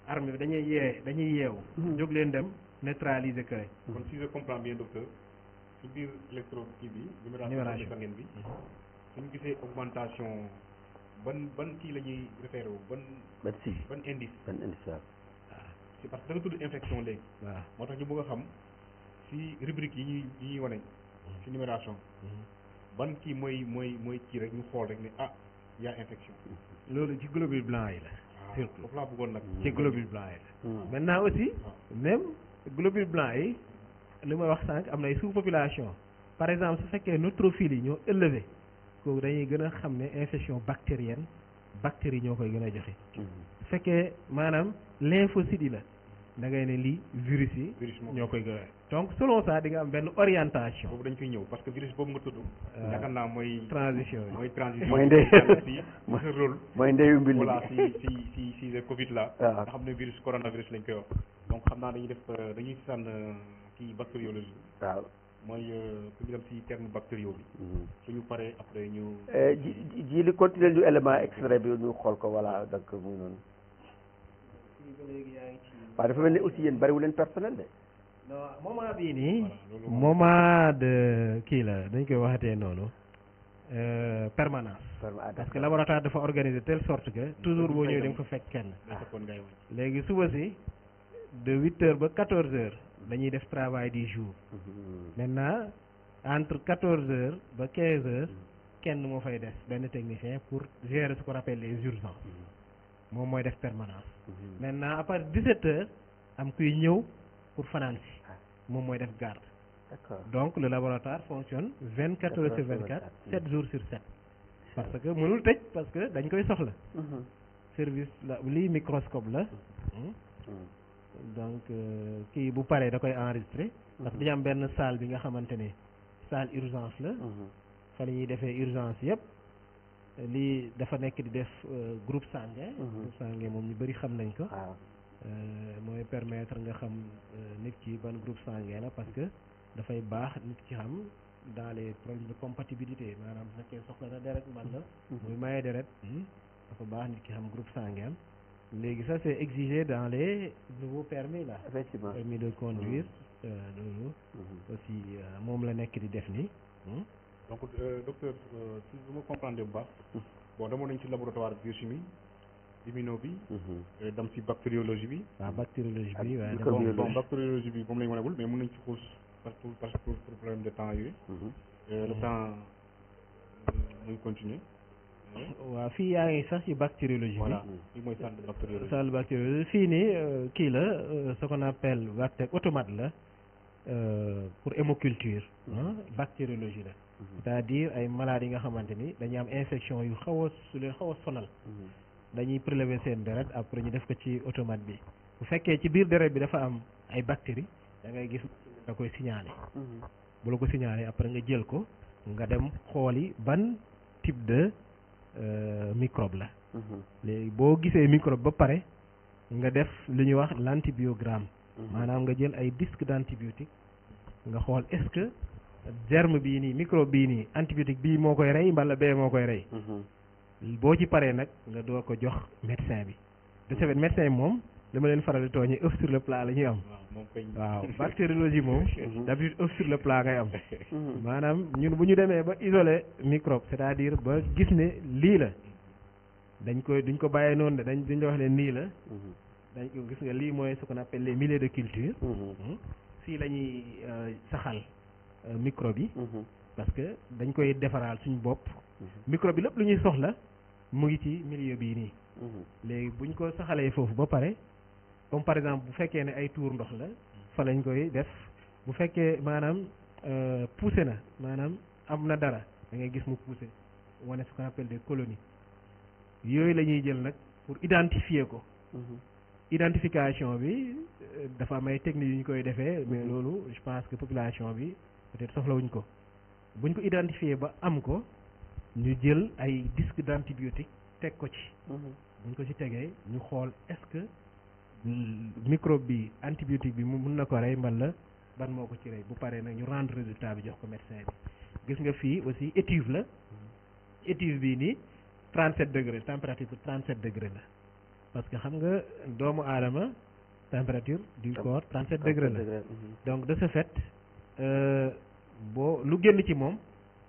armée bi dañuy yee dañuy yeewu. Mhm. jóg leen dem neutraliser kër yi. Mhm. kon si je comprends bien docteur su biir électro kii bi. numération ngeen bi mhm. suñu gisee augmentation ban ban kii la ñuy référé ban. ban si ban indice. ban indice waaw. c'est parce infection léegi. waaw moo tax ñu bëgg xam si rubrique yi yi ñuy numération. ban kii mooy mooy mooy kii rek ñu xool rek ne ah y a infection. loolu ci globules blancs yi la. Ah, surtout ci globules blancs yi la. Mm. Mm. maintenant aussi même globules blancs yi li may wax sànq am na ay sous-population par exemple su fekkee neutrophiles yi ñoo élevé kooku dañuy gën a xam ne infection bactérienne bactéries ñoo koy gën a joxe. Mm. su fekkee maanaam lymphocytes yi la da ngay ne lii virus yi. ñoo koy gën a donc selon ça di nga am benn orientation. boobu dañ koy ñëw parce que virus boobu nga tudd. Euh, mooy. transition mooy transition. mooy ndey mooy ndeyu mbir mi voilà si si si si le Covid là. Ah. nga xam ne virus coronavirus lañ koy wax. donc xam naa dañuy def euh, dañuy sànn euh, kii bactériologie. waaw mooy ku ñu dem si terme bi. Mm-hmm. suñu paree après ñu. ji ji li continué ñu élément extrait bi ñu xool ko voilà donc muy noonu. waaw dafa mel ni aussi yéen bariwu leen personnel de. moment bi ni moment de la dañ koy euh, permanence ah, parce que laboratoire dafa organiser telle sorte que toujours bo ñew dañ ko fekk kenn légui suba ci de 8h à 14h dañuy def travail du jour mhm. maintenant entre 14h et 15h kenn mo fay def ben technicien pour gérer ce qu'on appelle les urgences mom mhm. moy de permanence mhm. maintenant à partir de 17h am kuy choses pour financer moom mooy def garde donc le laboratoire fonctionne vingt quatre heures sur vingt quatre sept jours sur sept parce que mënul tëj parce que dañ koy soxla mm-hmm. service la lii microscope la mm-hmm. Hmm? Mm-hmm. donc euh, kii bu paree da koy enregistré parce que dañu am benn salle bi nga xamante ne salle urgence la fa la ñuy defee urgence yëpp lii dafa nekk di def euh, groupe sanguin groupe sanguin moom ñu bëri xam nañ ko euh, mooy permettre nga xam euh, nit ki ban groupe sanguin la parce que dafay baax nit ki xam dans les problèmes de compatibilité maanaam bu fekkee soxla na deret man la mhm. muy maye deret hmm, dafa baax nit ki xam groupe sanguin léegi ça c'est exigé dans les nouveaux permis là effectivement permis de conduire loolu mhm. euh, mhm. aussi moom la nekk di def ni hmm. donc docteur si bu ma comprendre bu baax bon demoon nañ ci laboratoire biochimie immunobi mhm. ci ah, bactériologie bi. bactériologie bi bon bactériologie mais que problème de temps mhm. le mhm. temps euh, continue ah, bactériologie bactériologie. Euh, euh, ce qu'on appelle automate la pour hémoculture. Hein, bactériologie c'est-à-dire ay maladies yi nga infection dañuy prélever seen deret après ñu def ko ci automate bi bu fekkee ci biir deret bi dafa am ay bactéries da ngay gis da koy signaler. Mm-hmm. bu la ko signaler après nga jël ko nga dem xooli ban type de euh, microbe la. Mm-hmm. léegi boo gisee microbe ba pare nga def lu ñuy wax l'antibiogramme. Mm-hmm. maanaam nga jël ay disques d'antibiotique nga xool est-ce que germe bii nii microbe bii nii antibiotique bii moo koy rey mbala bee moo koy rey. boo ci paree nag nga doo ko jox médecin bi de ce fait médecin bi moom dama leen faral di œuf sur le plat la ñuy am. waaw bactériologie moom. d'habitude œuf sur le plat ngay am. maanaam ñun bu ñu demee ba isoler microbe c'est-à-dire ba gis ne lii la dañ koy duñ ko bàyyee noonu de dañ dañ wax ne nii la. Mhm. dañ gis nga lii mooy ce qu'on appelle les milliers de culture si mhm. hmm? la ñuy euh, saxal euh, microbe yi. Mhm. parce que dañ koy defaraal suñu bopp. microbe bi lépp lu ñuy soxla. mu ngi ci millier bii nii. Mhm. léegi buñ ko saxalee foofu ba pare comme par exemple bu fekkee ne ay tour ndox la fa lañ koy def bu fekkee maanaam euh, poussé na maanaam am na dara da ngay gis mu poussé wane ce qu'on appelle des colonies yooyu la ñuy jël nag pour identifier ko. Mhm. identification bi euh, dafa am ay yu ñu koy defee mais mhm. loolu je pense que population bi peut ko buñ ko identifier ba am ko. ñu jël ay disque d' antibiotique teg ko ci mhm. buñ ko ci tegee ñu xool est-ce que microbe bi antibiotique bi mu mun na ko rey la ban moo ko ci rey bu paree nag ñu rendre résultat bi jox ko médecin bi gis nga fii aussi étuve la étuve bii nii 37 degré température bi 37 degré la parce que xam nga doomu aadama température du corps 37 degré la mhm. donc de ce fait euh, boo lu génn ci moom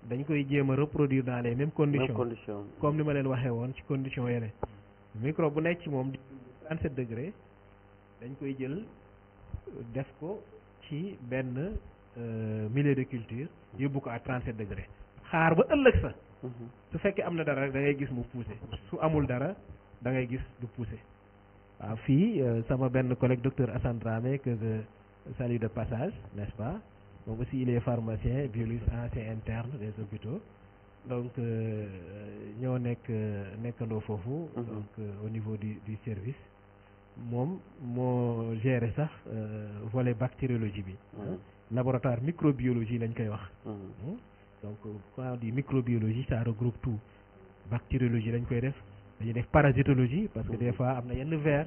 dañ koy jéem a reproduire dans les mêmes condition comme ni ma leen waxee woon ci conditions yene micro bu nekk moom di 37 degré dañ koy jël def ko ci benn euh, milieu de culture yóbbu ko à 37 degré xaar ba ëllëg sa mhm. su fekkee am na dara rek da gis mu poussé su amul dara da ngay gis du poussé waaw fii euh, sama benn collègue docteur Assane Dramé que je salue de passage n'est-ce pas Donc aussi, il est pharmacien, biologiste ancien interne des hôpitaux. Donc, euh, nous sommes mhm. euh, au niveau du, service. Moi, je géré sax euh, volet bactériologie bi mhm. laboratoire microbiologie lañ koy wax mhm. hmm? donc quand on dit microbiologie ça regroupe tout bactériologie lañ Il y a des parasitologie parce que des fois y a yenn vers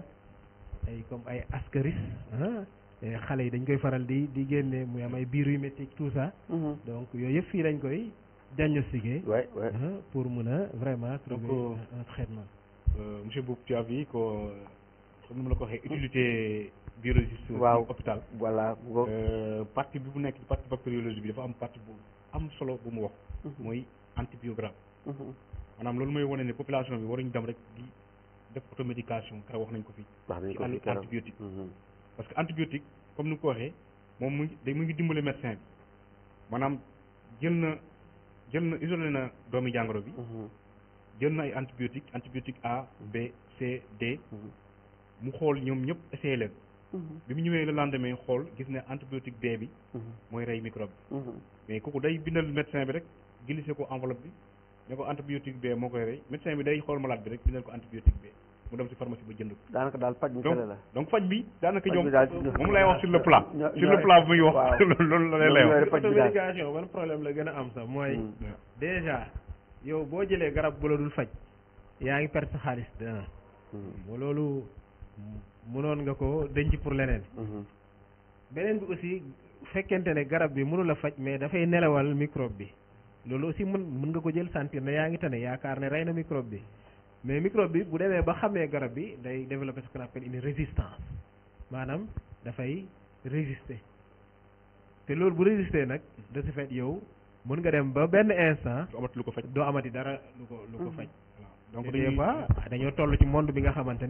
comme ay ascaris hein? Eh, xale yi dañ koy faral di di génne muy am ay biir yu métti tout ça. Mm-hmm. donc yooyu yëpp fii lañ koy diagnostiquer. pour mun a vraiment trouver euh, un traitement. Euh, monsieur Mboup tu as vu que euh, comme ni ma la ko waxee utilité biologiste. waaw hôpital voilà. partie bi mu nekk partie bactériologie bi dafa am parti bu am solo bu mu wax. Mm-hmm. mooy antibiogramme. Mm-hmm. maanaam loolu mooy wane ne population bi waruñ dem rek di def automédication keroog wax nañ ko fi. wax nañ ko fi ci wàllu parce que antibiotique comme ni ko waxee moom mu ngi day mu ngi dimbale médecin bi maanaam jël na jël na isolé na doomi jàngoro bi. jël mhm. na ay antibiotique antibiotique A B C D. Mhm. mu xool ñoom ñëpp essayé leen. Mhm. bi mu ñëwee le lendemain xool gis ne antibiotique B bi. mooy rey microbe bi. mais kooku day bindal médecin bi rek glissé ko enveloppe bi ne ko antibiotique B moo koy rey médecin bi day xool malade bi rek bindal ko antibiotique B. mu dem ci pharmacie ba jënd ko. daal faj bi la donc faj bi daanaka ñoom moom lay wax sur le plat sur le plat bu muy wax loolu la lay wax automédication ban problème la gën a am sax mooy hmm. déjà yow boo jëlee garab bu la dul faj yaa ngi perte sa xaalis dana hmm. ba loolu mënoon nga ko denc pour leneen hmm. beneen bi aussi fekkente ne garab bi mënu la faj mais dafay nelawal microbe bi loolu aussi mën mun nga ko jël sentir ne yaa ngi tane yaakaar ne rey na microbe bi mais microbe bi bu demee ba xamee garab ce qu'on appelle une résistance maanaam dafay résister résister de ce fait yow mën nga dem ba benn instant. amati dara ko mm-hmm. donc vous ah, dañoo toll ci monde bi nga xamante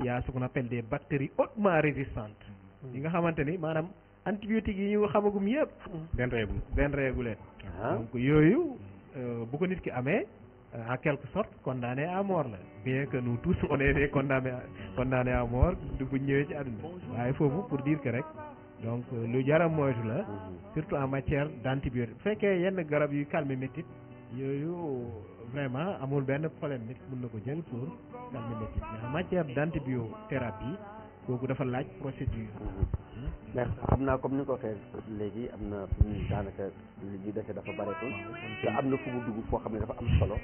ce qu'on appelle des bactéries hautement résistantes. Mm-hmm. yi nga xamante antibiotiques yi ñu xamagum yëpp. Mm-hmm. benn ben ah. donc euh, bu ko nit ki euh, en quelque sorte condamné à mort bien que nous tous on est condamné condamné à mort il faut vous pour dire que rek donc euh, lu jaram moytu la surtout en matière d'antibio, il y yenn garab yu calmer métit yooyu vraiment amul ben problème nit mën pour calmer métit en matière d'antibiothérapie faut dafa laaj procédure merci xam naa comme ni nga ko waxee léegi am na fi ñu daanaka li ñu dese dafa bareetul te am na fu mu dugg foo xam ne dafa am solo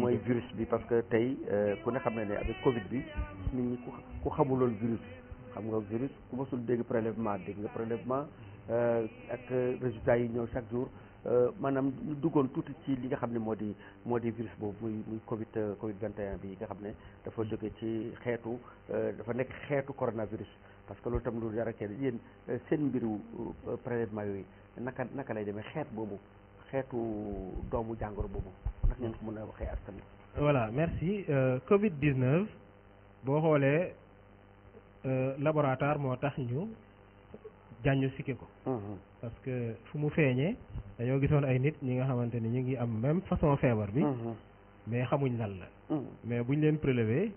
mooy virus bi parce que tey euh, ku ne xam ne ne avec covid bi nit ñi ku xamuloon virus xam nga virus ku mosul dégg prélèvement dégg nga prélèvement euh, ak résultats yi ñëw chaque euh, maanaam duggoon tuuti ci li nga xam ne moo di moo di virus boobu muy muy Covid Covid 21 bi nga xam ne dafa jóge ci xeetu dafa nekk xeetu coronavirus parce que loolu tam lu dara kenn yéen euh, seen mbiru euh, prélèvement yooyu naka naka lay demee xeet boobu xeetu doomu jàngoro boobu ndax ngeen ko mën a waxee askan voilà merci euh, Covid 19 boo xoolee laboratoire moo tax ñu diagnostiqué ko. Mhm. parce que fu mu feeñee dañoo gisoon ay nit ñi nga xamante ni ñu ngi am même façon feebar bi. Mhm. mais xamuñ lan la. Mhm. mais buñ leen prélever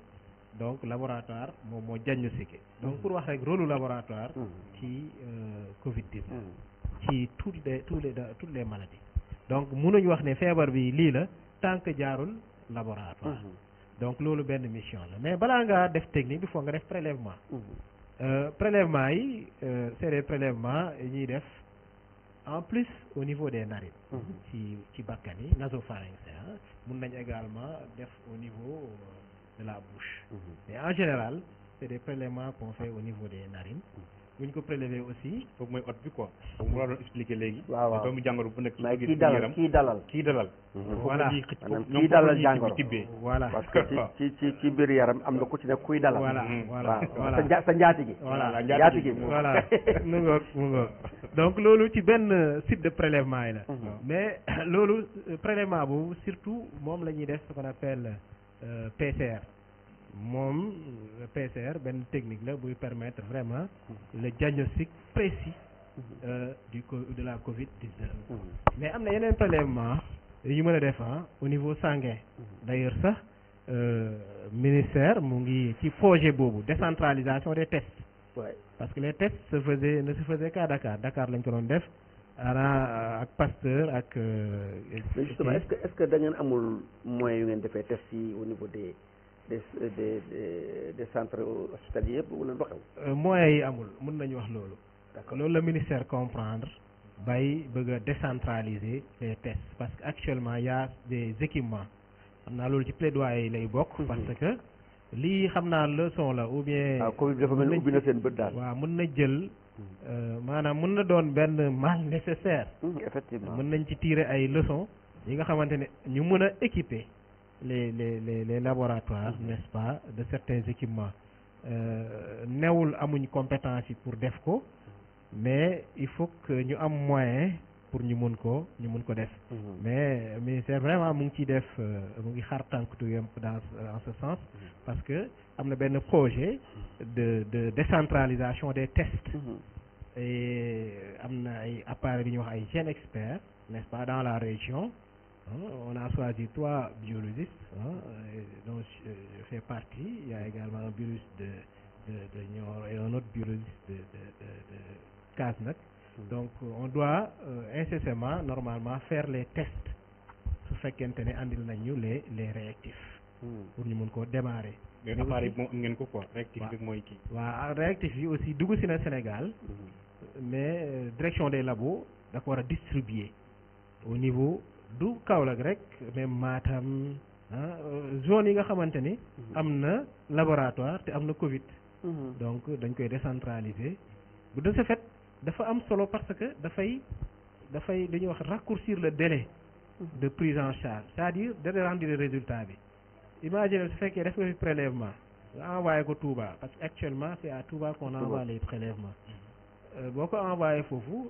donc laboratoire moom moo diagnostiqué donc pour wax rek rôle laboratoire hmm. ci euh, covid 19 hmm. ci toutes les tous les toutes les maladies donc mënuñ wax ne feebar bi lii la tant que jaarul laboratoire hmm. donc loolu benn mission la mais balaa ngaa def technique bi foog nga def prélèvement euh, prélèvement yi euh, c'est des prélèvements ñuy def en plus au niveau des narines ci ci bakkan yi nasopharynx hein. mun nañ également def au niveau de la bouche. Mm -hmm. Mais en général, c'est des prélèvements qu'on fait au niveau des narines. On mhm. ñu ko prélever aussi foofu mooy ot quoi. Pour mu expliquer les. expliqué léegi. waaw Qui doomu jàngoro bu nekk. mais kii dalal kii dalal mhm. kii dalal. voilà kii dalal jàngoro voilà parce que ci ci ci biir yaram am na ku ci ne kuy dalal. voilà mhm. voilà voilà sa njaati gi. voilà njaati gi voilà mu ngoog mu ngoog donc loolu ci benn site de prélèvement yi mais lolo, euh, prélèvement boobu surtout moom la def ce qu'on appelle euh, PCR moom PCR benn technique la buy permettre vraiment le diagnostic précis mhm. euh, du de la Covid 19. Mhm. mais am na yeneen prélèvement yu hein, au niveau sanguin. Mhm. D'ailleurs, ça euh, ministère mu ngi ci projet boobu décentralisation des tests. parce que les tests se faisaient ne se faisaient qu'à Dakar Dakar lañ ko doon def. Pasteur ak. Euh, mais justement est ce que est ce que da ngeen amul moyen yu test au niveau des. des des des centres hospitaliers yëpp mu leen waxew euh, moyens yi amul mën nañu wax loolu. d'accord loolu la ministère comprendre bay bëgg a décentraliser les tests parce que actuellement y a des équipements xam naa loolu ci plaidoyer yi lay bokk. Mhm. parce que lii xam naa leçon la ou bien. waaw ah, Covid dafa mel na seen bët daal. waaw mën na jël. Mhm. Euh, maanaam mën na doon benn mal nécessaire. Mhm, effectivement mën nañ ci tirer ay leçons. yi nga xamante ne ñu mën a équiper. les, laboratoires, mhm. n'est-ce pas, de certains équipements. Nous avons une compétence pour DEFCO, mais il faut que nous ayons moyen pour nous mën ko ñu mhm. mais c'est vraiment un ngi ciy def euh, mu ngi dans euh, en ce sens mhm. parce que y a un projet de décentralisation des tests et à na ay appareil experts, n'est-ce pas dans la région Hein, on a choisi trois biologistes, hein, dont euh, je, fais partie. Il y a également un biologiste de, de, et un autre biologiste de, de, Kaznak. Hmm. Donc, euh, on doit euh, incessamment, normalement, faire les tests. ce faire qu'on andil nañu les les réactifs. Hmm. pour ñu démarrer. mais appareil moom quoi réactif bi mooy kii. Ah, réactifs, aussi dugg Sénégal. Hmm. mais direction des labos d'accord, ko distribuer au niveau du la rek mais Matam ah, zone yi nga xamanteni mhm. laboratoire te am Covid. Mhm. donc dañ koy décentraliser. bu de ce fait dafa am solo parce que dafay dafay de wax raccourcir le délai. Mhm. de prise en charge c'est-à-dire de rendre résultat résultats imaginez fait qu'il def nga fi prélèvement nga à ko Touba parce que actuellement c'est à Touba qu'on envoie les prélèvements. Euh, boko envoyer pour vous.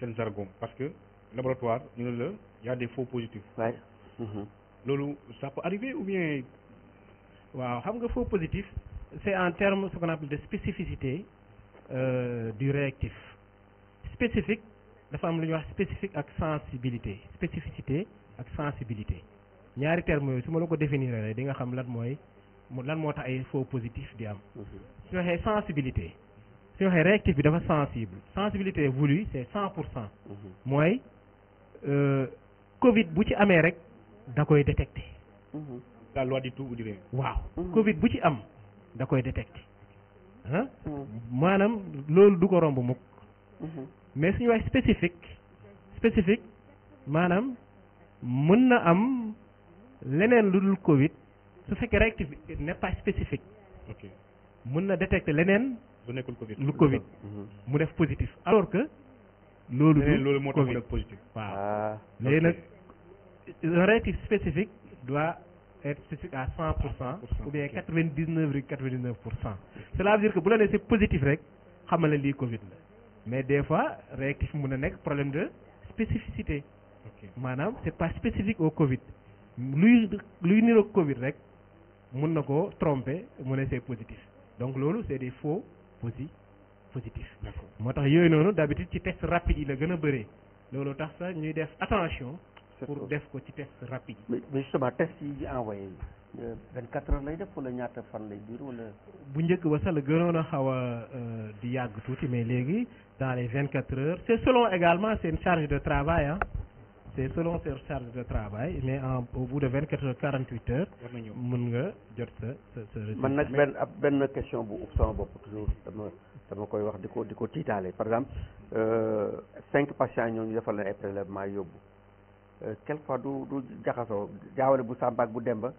seen parce que laboratoire il y a des faux positifs. Oui. Mm-hmm. ça peut arriver ou bien. waaw xam faux positif c'est en terme ce qu'on appelle de spécificité euh, du réactif spécifique la am lu spécifique ak sensibilité spécificité ak sensibilité ñaari a un terme, ma la ko définir di nga xam faux positif di am mm-hmm. sensibilité si vous réactif bi sensible sensibilité voulue c'est 100%. Mhm. Moi, euh, Covid bu ci d'accord, rek détecté. Mhm. la loi du tout vous direz. Mhm. Covid bu am vous est détecté ah. Madame, c'est du mais si ñu spécifique spécifique madame. vous am lenen Covid su fekkee réactif pas spécifique. ok na du nekkul Covid lu Covid. Mhm. mu def positif alors que. loolu du eh, loolu moo tax positif. waaw ah, léegi nag un réactif spécifique doit être spécifique à 100 pour cent ou bien 99 virgule 99 pour cent. cela veut dire que bu la nee c'est positif rek xamal ne lii Covid la mais des fois réactif mun na nekk problème de spécificité. maanaam c'est pas spécifique au Covid. luy luy niroog Covid rek mun na ko tromper mu ne c'est positif donc loolu c'est des faux positif. positif. d'accord moo tax yooyu d'habitude ci test rapide yi la gëna bëré lolu tax sa ñuy def attention. pour def ko ci test rapide yi. mais justement test yi envoyé 24 euh, heures lay def wala ñaata fan lay biir wala. bu njëkk ba sax la gënoon a euh, di yag tuuti mais légui dans les 24 heures c'est selon également c'est une charge de travail hein c'est selon ses charges de travail mais en au bout de 24 h heures quarante huit heures. mën nga jot question bu toujours dama par exemple euh, cinq patients ñu defal Euh, quelquefois du du jaxasoo jaawale bu Samba ak bu Demba.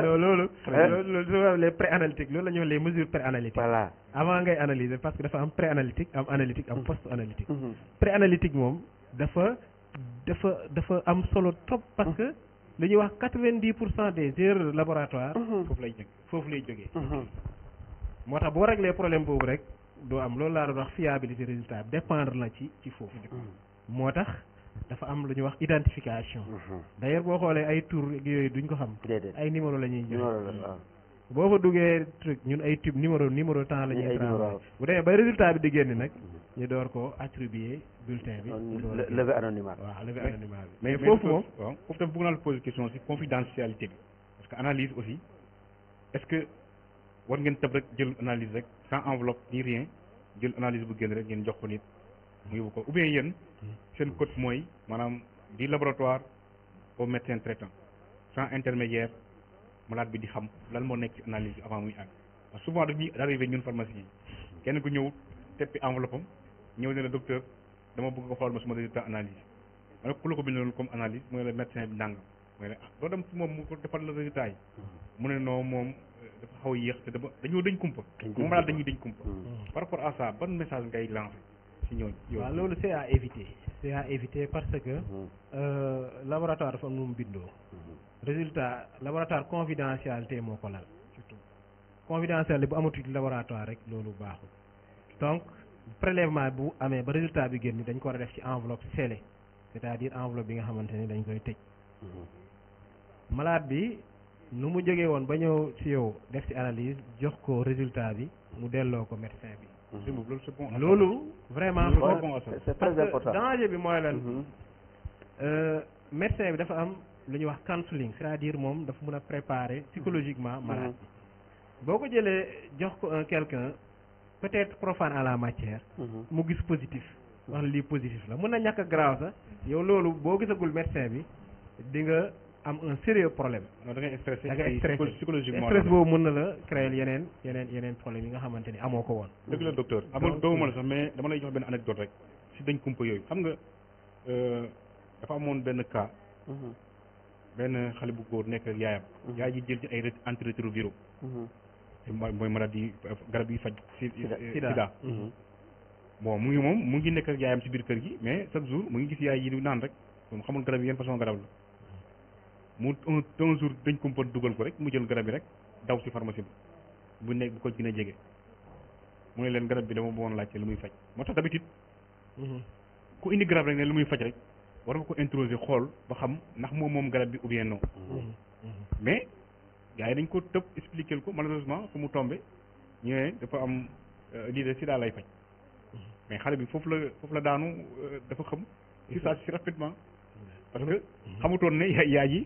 non loolu. loolu les pré-analytiques loolu la ñuy wax les mesures pré-analytiques. voilà avant ngay analyser parce que dafa am pré-analytique am analytique am mm-hmm. post-analytique. Mm-hmm. pré-analytique moom dafa dafa dafa am solo trop. parce lu li ñuy wax quatre-vingt-dix pour cent des erreurs laboratoires. Mm-hmm. foofu lay jógee foofu lay jógee. moo tax boo réglé problème boobu rek. do am lo laa wax fiabilité résultat dépendre la ci ci fofu motax mm-hmm. dafa am identification. Mm-hmm. d'ailleurs bo xolé ay tour duñ ko xam. numéro mm. truc ñun ay tube numéro numéro temps lañuy bu ba résultat bi di mm-hmm. ko attribuer bulletin bi. lever anonymat wa anonymat mais poser question ci confidentialité que analyse aussi war ngeen tëb rek jël analyse rek sans enveloppe ni rien jël analyse bu génn rek ngeen jox ko nit mu yóbbu ko ou bien yéen seen côté mooy maanaam di laboratoire au médecin traitant sans intermédiaire malade bi di xam lan moo nekk ci analyse avant muy àgg parce que souvent dañuy arrivé ñun pharmacien yi kenn ku ñëw teppi enveloppe am ñëw ne la docteur dama bëgg ko xool ma suma résultat analyse ma ne ku la ko bindaloon comme analyse mooy la médecin bi ndàngam mooy la ah doo dem ci moom mu defal la résultat yi mu ne non moom dafa xaw a yéex te dafa dañoo dañ kumpa. moom daal dañuy dañ kumpa. Hmm. par rapport à ban message ngay lancé si ñooñu. waaw loolu c'est à éviter. c'est parce que. Hmm. Euh, laboratoire dafa am mu bindoo. Hmm. résultat laboratoire confidentialité moo ko lal. surtout confidentialité bu amatul laboratoire rek loolu baaxul. donc prélèvement bu amee ba résultat bi génn dañ ko war a def ci enveloppe scellée c'est-à-dire enveloppe bi nga xamante ni dañ koy tëj. malade bi. nu mu jógee woon ba ñew ci yow def ci analyse jox ko résultat bi mu delloo ko médecin bi. Mm-hmm. lolu vraiment. c'est très important danger bi mooy lan. Mm-hmm. Euh, médecin bi dafa am lu ñu wax counseling c'est-à-dire mom dafa mëna préparer mm-hmm. psychologiquement malade boko boo jox ko un quelqu'un peut-être profane à la matière. mu gis positif. wax li positif la mëna ñaka a grave sax yow lolu bo gisagul médecin bi di nga. am un sérieux problème. da ngay stressé da ngay stressé psychologiquement stress boobu mën na la créer yeneen yeneen problème yi nga xamante ni amoo ko woon. dëgg la docteur amul dooguma la euh, sax mais dama lay nga euh, dafa amoon benn cas. Mhm. benn xale bu góor nekk ak yaayam. Mhm. yaay ji jël ci ay antirétroviraux. Mhm. mooy maladie garab yi faj. si sida bon mu ngi moom mu ngi nekk yaayam si biir kër gi mais chaque jour mu ngi gis yaay yi du naan rek moom xamul garab yenn façon garab la. mu un un jour dañ ko mën dugal ko rek mu jël garab bi rek daw ci pharmacie bi bu nekk bu ko gën a jege mu ne leen garab bi dama bëggoon laajte lu muy faj moo tax d'habitude mhm. ku indi garab rek ne lu muy faj rek war nga ko introser xool ba xam ndax moom moom garab bi ou bien non mhm. Mhm. mais yaay dañ ko tëb expliquer ko malheureusement fu mu tombé ñu dafa am euh, lii si sida lay faj mais xale bi foofu la foofu la daanu euh, dafa xam si saa si rapidement parce que xamutoon ne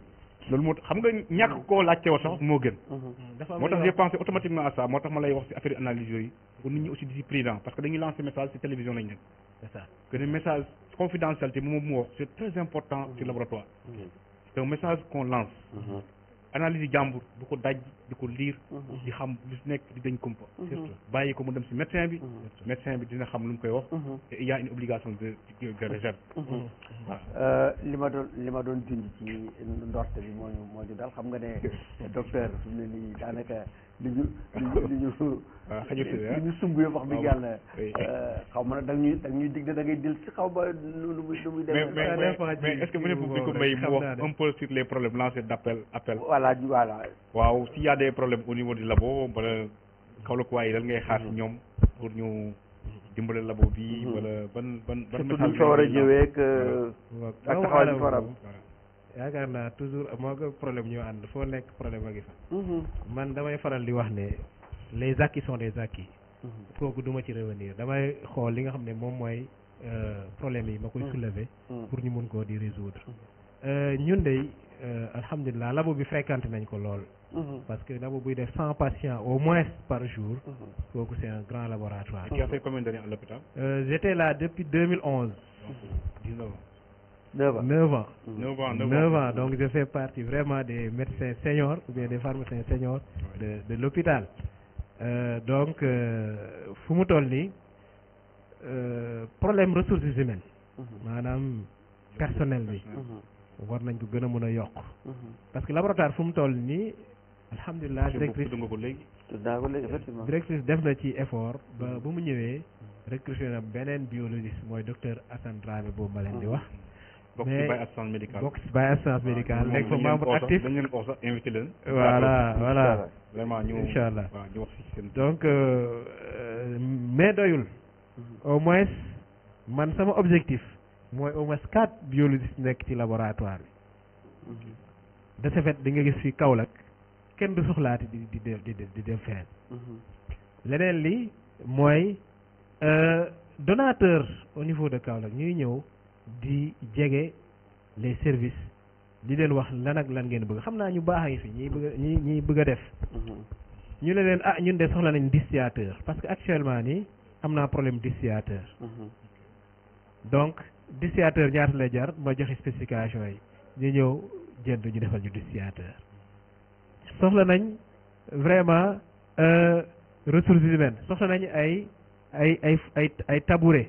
loolu moo xam nga ñàkk mm-hmm. koo laajte woon sax mm-hmm. moo gën. Mm-hmm. moo tax j'ai pensé automatiquement à ça moo tax ma lay wax si affaire analyse yooyu pour nit ñi aussi di parce que dañuy lancer message si télévision lañ nekk. c'est ça que ne message confidentialité moom mu wax c'est très important. ci laboratoire. c'est un message qu'on lance. analyse yi jàmbur du ko daj di ko liir mhm. di xam lu nekk di dañ kumpa mhm. surtout bàyyi ko mu dem si médecin bi mhm. médecin bi dina xam lu mu koy wax te il y a une obligation de de réserve voilà euh, li ma doon li ma doon dindi ci ndorte bi moo ñu moo ñu dal xam nga ne docteur fi mu ne nii daanaka li ñu li ñu li ñu ah, ah. sumb yëpp wax dëgg ah, yàlla euh, xaw ma nag da ñuy da ñuy dig da ngay dil ci xaw ma lu muy lu muy demee mais est-ce que mën na ko may mu wax un peu sur les problèmes lancés d'appel appel voilà voilà waaw s'il y a des problèmes au niveau du labo wala Kaolack waaye lan ngay xaar si ñoom pour ñu dimbale labo bi mhm. wala ban ban ban message war a jëwee ak taxawal bi yaakaar naa toujours moo ko problème ñu ànd foo nekk problème a ngi fa mhm. man damay faral di wax ne les acquis sont des acquis mhm. kooku duma ci revenir damay xool li nga xam ne moom mooy euh, problème yi ma koy mhm. soulever pour ñu mun koo di résoudre euh, ñun de euh, alhamdulilah labo bi fréquenté nañ ko lool parce que labo buy def cent patients au moins par jour kooku c'est un grand laboratoire tu as fait combien d'années à Euh, j'étais là depuis 2011 19 9 ans. 9 ans. Donc je fais partie vraiment des médecins seniors ou bien des pharmaciens seniors de, de l'hôpital. Euh, donc, euh, Fumutolni, euh, problème ressources humaines. Mhm. madame, personnel bi. Mhm. war que ko gën mhm. parce que le laboratoire fu Alhamdulillah, directrice directrice def na ci effort. ba recruté biologiste mooy docteur Hassan Dramé boobu mais box by assurance médicale nekk fa membre actif dañ leen ko sax vraiment ñu incha allah ñu wax si donc euh, euh, mais doyul au moins man sama objectif mooy au moins quatre biologistes nekk ci laboratoire bi. Mhm. de ce nga gis fi Kaolack kenn du soxlaati di di di di dem fenn. Mhm. leneen li mooy euh, donateur au niveau de Kaolack ñuy ñëw. di jege les services di leen wax lan ak lan ngeen bëgg xam naa ñu baax a ngi fi ñiy bëgg ñi bëgg a def mhm. ñu ne leen ah ñun de soxla nañ distillateur parce que actuellement nii am naa problème distillateur mhm. donc distillateur ñaata la jar ma joxe spécification yi ñu ñëw jënd ñu defal ñu distillateur soxla nañ vraiment euh, ressources humaines soxla nañ ay ay ay ay ay tabouret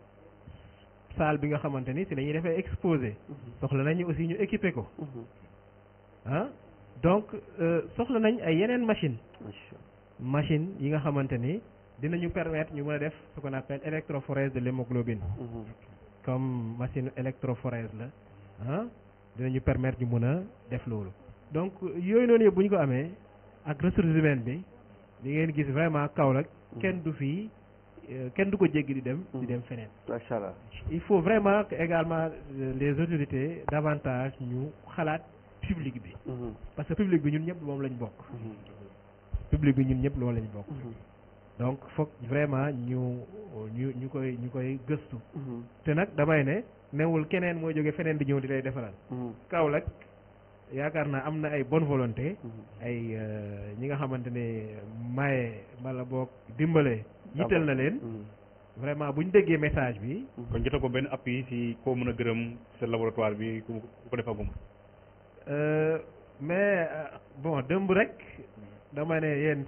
salle bi nga xamante ni si la ñuy defee exposé mhm. soxla nañu aussi ñu équipé ko ah donc euh, soxla nañ ay yeneen machine machine yi nga xamante ni dinañu permettre ñu mën a def ce qu'on appelle électrophorèse de l'hémoglobine mhm. comme machine électrophorèse la ah dinañu permettre ñu mën a def loolu donc yooyu noonu yëpp bu ñu ko amee ak ressources humaine bi li ngeen gis vraiment Kaolack kenn du fii euh, kenn du ko jéggi di dem. di hmm. dem feneen. macha il faut vraiment que également euh, les autorités davantage ñu xalaat public bi. Hmm. parce que public bi ñun ñëpp moom lañ bokk. Hmm. public bi ñun ñëpp loolu lañ bokk. donc foog vraiment ñu ñu ñu koy ñu koy gëstu. te nag damay ne newul keneen mooy jóge feneen di ñëw di lay defaral. Kaolack yaakaar naa am na ay bonne volonté. ay euh, ñi nga xamante ne maye mbala boog dimbale. yitteel na leen ah mm-hmm. vraiment bu ñu déggee message bi mm-hmm. kon jotoo ko benn appui si koo mën a gërëm sa laboratoire bi ku ko defagum euh, mais euh, bon dëmb rek dama ne yéen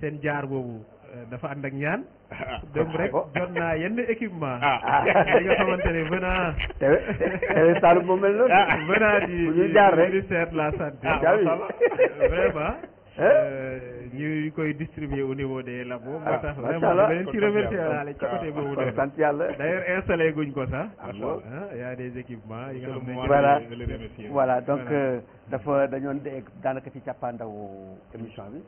seen jaar boobu euh, dafa ànd ak ñaan dëmb rek oh. jot naa yenn équipement yi ah. nga xamante ne venant te Saloum moom mel noonu venant di ministère de la santé ah, vraiment Euh, ñu koy distribuer au niveau des labos. moo ah, tax vraiment leen ci remercier laale ci côté boobu noonu. sant yàlla d'ailleurs installé guñ ko sax. Ah, y des équipements yi voilà voilà donc euh, dafa dañoon dégg daanaka ci càppaandaw émission bi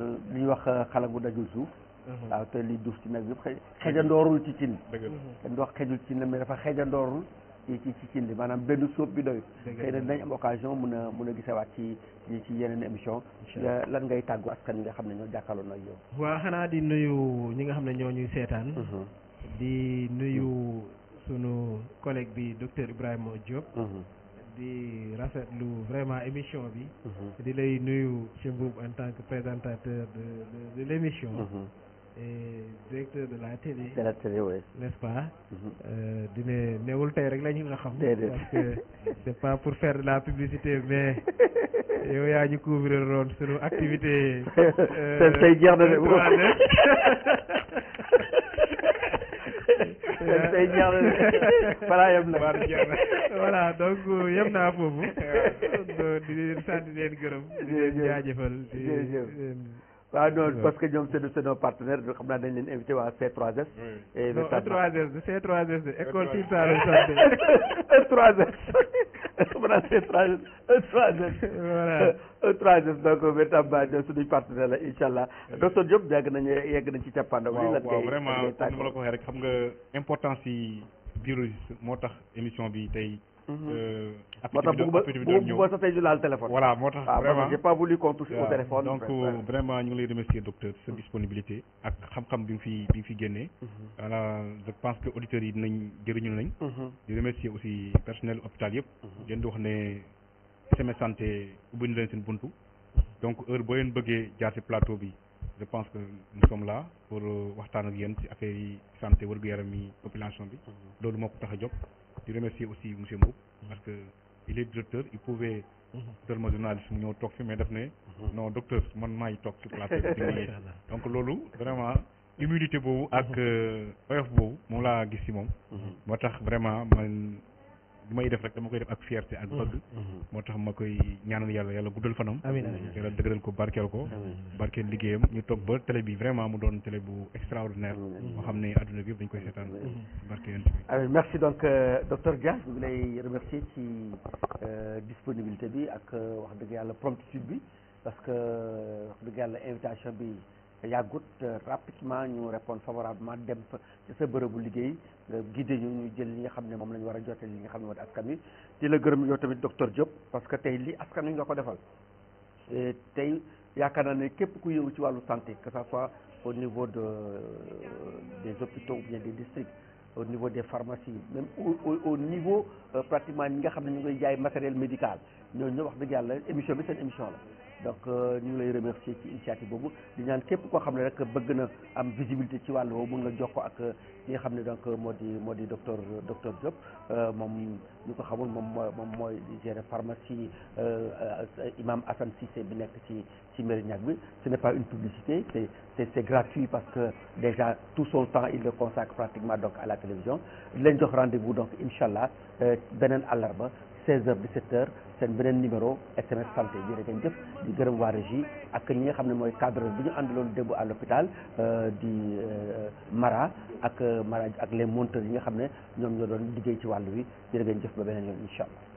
euh, li wax xalangu dajul suuf. Uh-huh. waaw te li duuf ci nag yëpp xëj xejandoorul ci cin. kenn du wax xejul cin mais dafa xejandoorul. ki kikinde, manan bedou sop bi doy. Se yon denye mokajon, mounen gisa wak ki yon emisyon. Lan gen yon tagwa, skan yon hamnen yon, jakalon yon. Wala, hana di nou yon, nyon yon yon yon setan, mhm. di nou yon sou nou kolek bi, Dr. Ibrahim Mojok, mhm. di rafet lou vreman emisyon bi, mhm. di nou yon shenbouk an tank prezentateur de l'emisyon. et directeur de la télé. de la n'est-ce pas. Mhm. Euh, la c'est pas pour faire la publicité mais yow ñu couvrir activité. de euh, de voilà donc y a un parce que nous sommes nos partenaires nous avons invité à C3S. et non C3S e C3S école 3 e s 3 e s 3 s 3 s donc on va être la Inch'Allah. docteur Diop vraiment Je veux dire, la ko rek xam nga Mhm. Euh, je ne téléphone. voilà ah, j'ai pas voulu qu'on touche au téléphone. donc euh, vraiment nous les remercions, docteur, docteur sa mhm. disponibilité mhm. je pense que l'auditeur est dinañ Je remercie aussi personnel hôpital yëpp. santé donc heure vous plateau je pense que nous sommes là pour euh, waxtaan ak santé de la population je remercie aussi M. Mouk, parce que est docteur, il pouvait seulement mhm. journaliste mhm. non docteur donc Lolo vraiment immunité pour ak mhm. euh, oyof mon la vraiment bu may def rek dama koy def ak fierté ak bëgg mm-hmm, mm-hmm. moo tax ma koy ñaanal yàlla yàlla guddal fanam yàlla dëgëral ko barkeel ko barkeel liggéeyam ñu toog ba télé bi vraiment mu doon télé bu extraordinaire moo xam ne adduna bi yëpp dañ koy seetaan barkeel yéen tamit merci donc euh, docteur Dia ñu ngi lay remercier ci euh, disponibilité bi ak euh, wax dëgg yàlla promptitude bi parce que wax dëgg yàlla invitation bi yàggut rapidement ñu répondre favorablement dem fa ci sa bërëbu liggéey nga guidé ñu ñu jël li nga xam ne moom la war a jotee li nga xam ne mooy askan wi di la gërëm yow tamit docteur Diop parce que tey li askan wi nga ko defal tey yaakaar naa ne képp ku yëngu ci wàllu santé que ça soit au niveau de des hôpitaux ou bien des districts au niveau des pharmacies même au niveau euh, pratiquement ñi nga xam ne ñu ngay jaay matériel médical ñoo ñooñu wax dëgg yàlla émission bi seen émission la donc euh, nous les lay remercier ci initiative bobu di ñaan képp koo xam ne rek bëgg na am visibilité ci wàll woowu mën nga jox ko ak ñi euh, nga donc euh, docteur docteur Diop moom ñu ko xamul moom moom mooy pharmacie imam Hassan Cissé bi nekk ci Mérignac ce n'est pas une publicité c'est gratuit parce que déjà tout son temps il le consacre pratiquement à la télévision Nous avons jox rendez-vous donc incha allah beneen 16h 17h seen beneen numéro SMS santé jërë ngeen jëf di gërëm waa régie ak ñi nga xam ne mooy cadre bi ñu àndaloon démb à l'hôpital euh, di euh, Mara ak euh, Mara ak les monteurs yi nga xam ne ñoom ñoo doon liggéey ci wàll wi jërë ngeen ba beneen yoon incha allah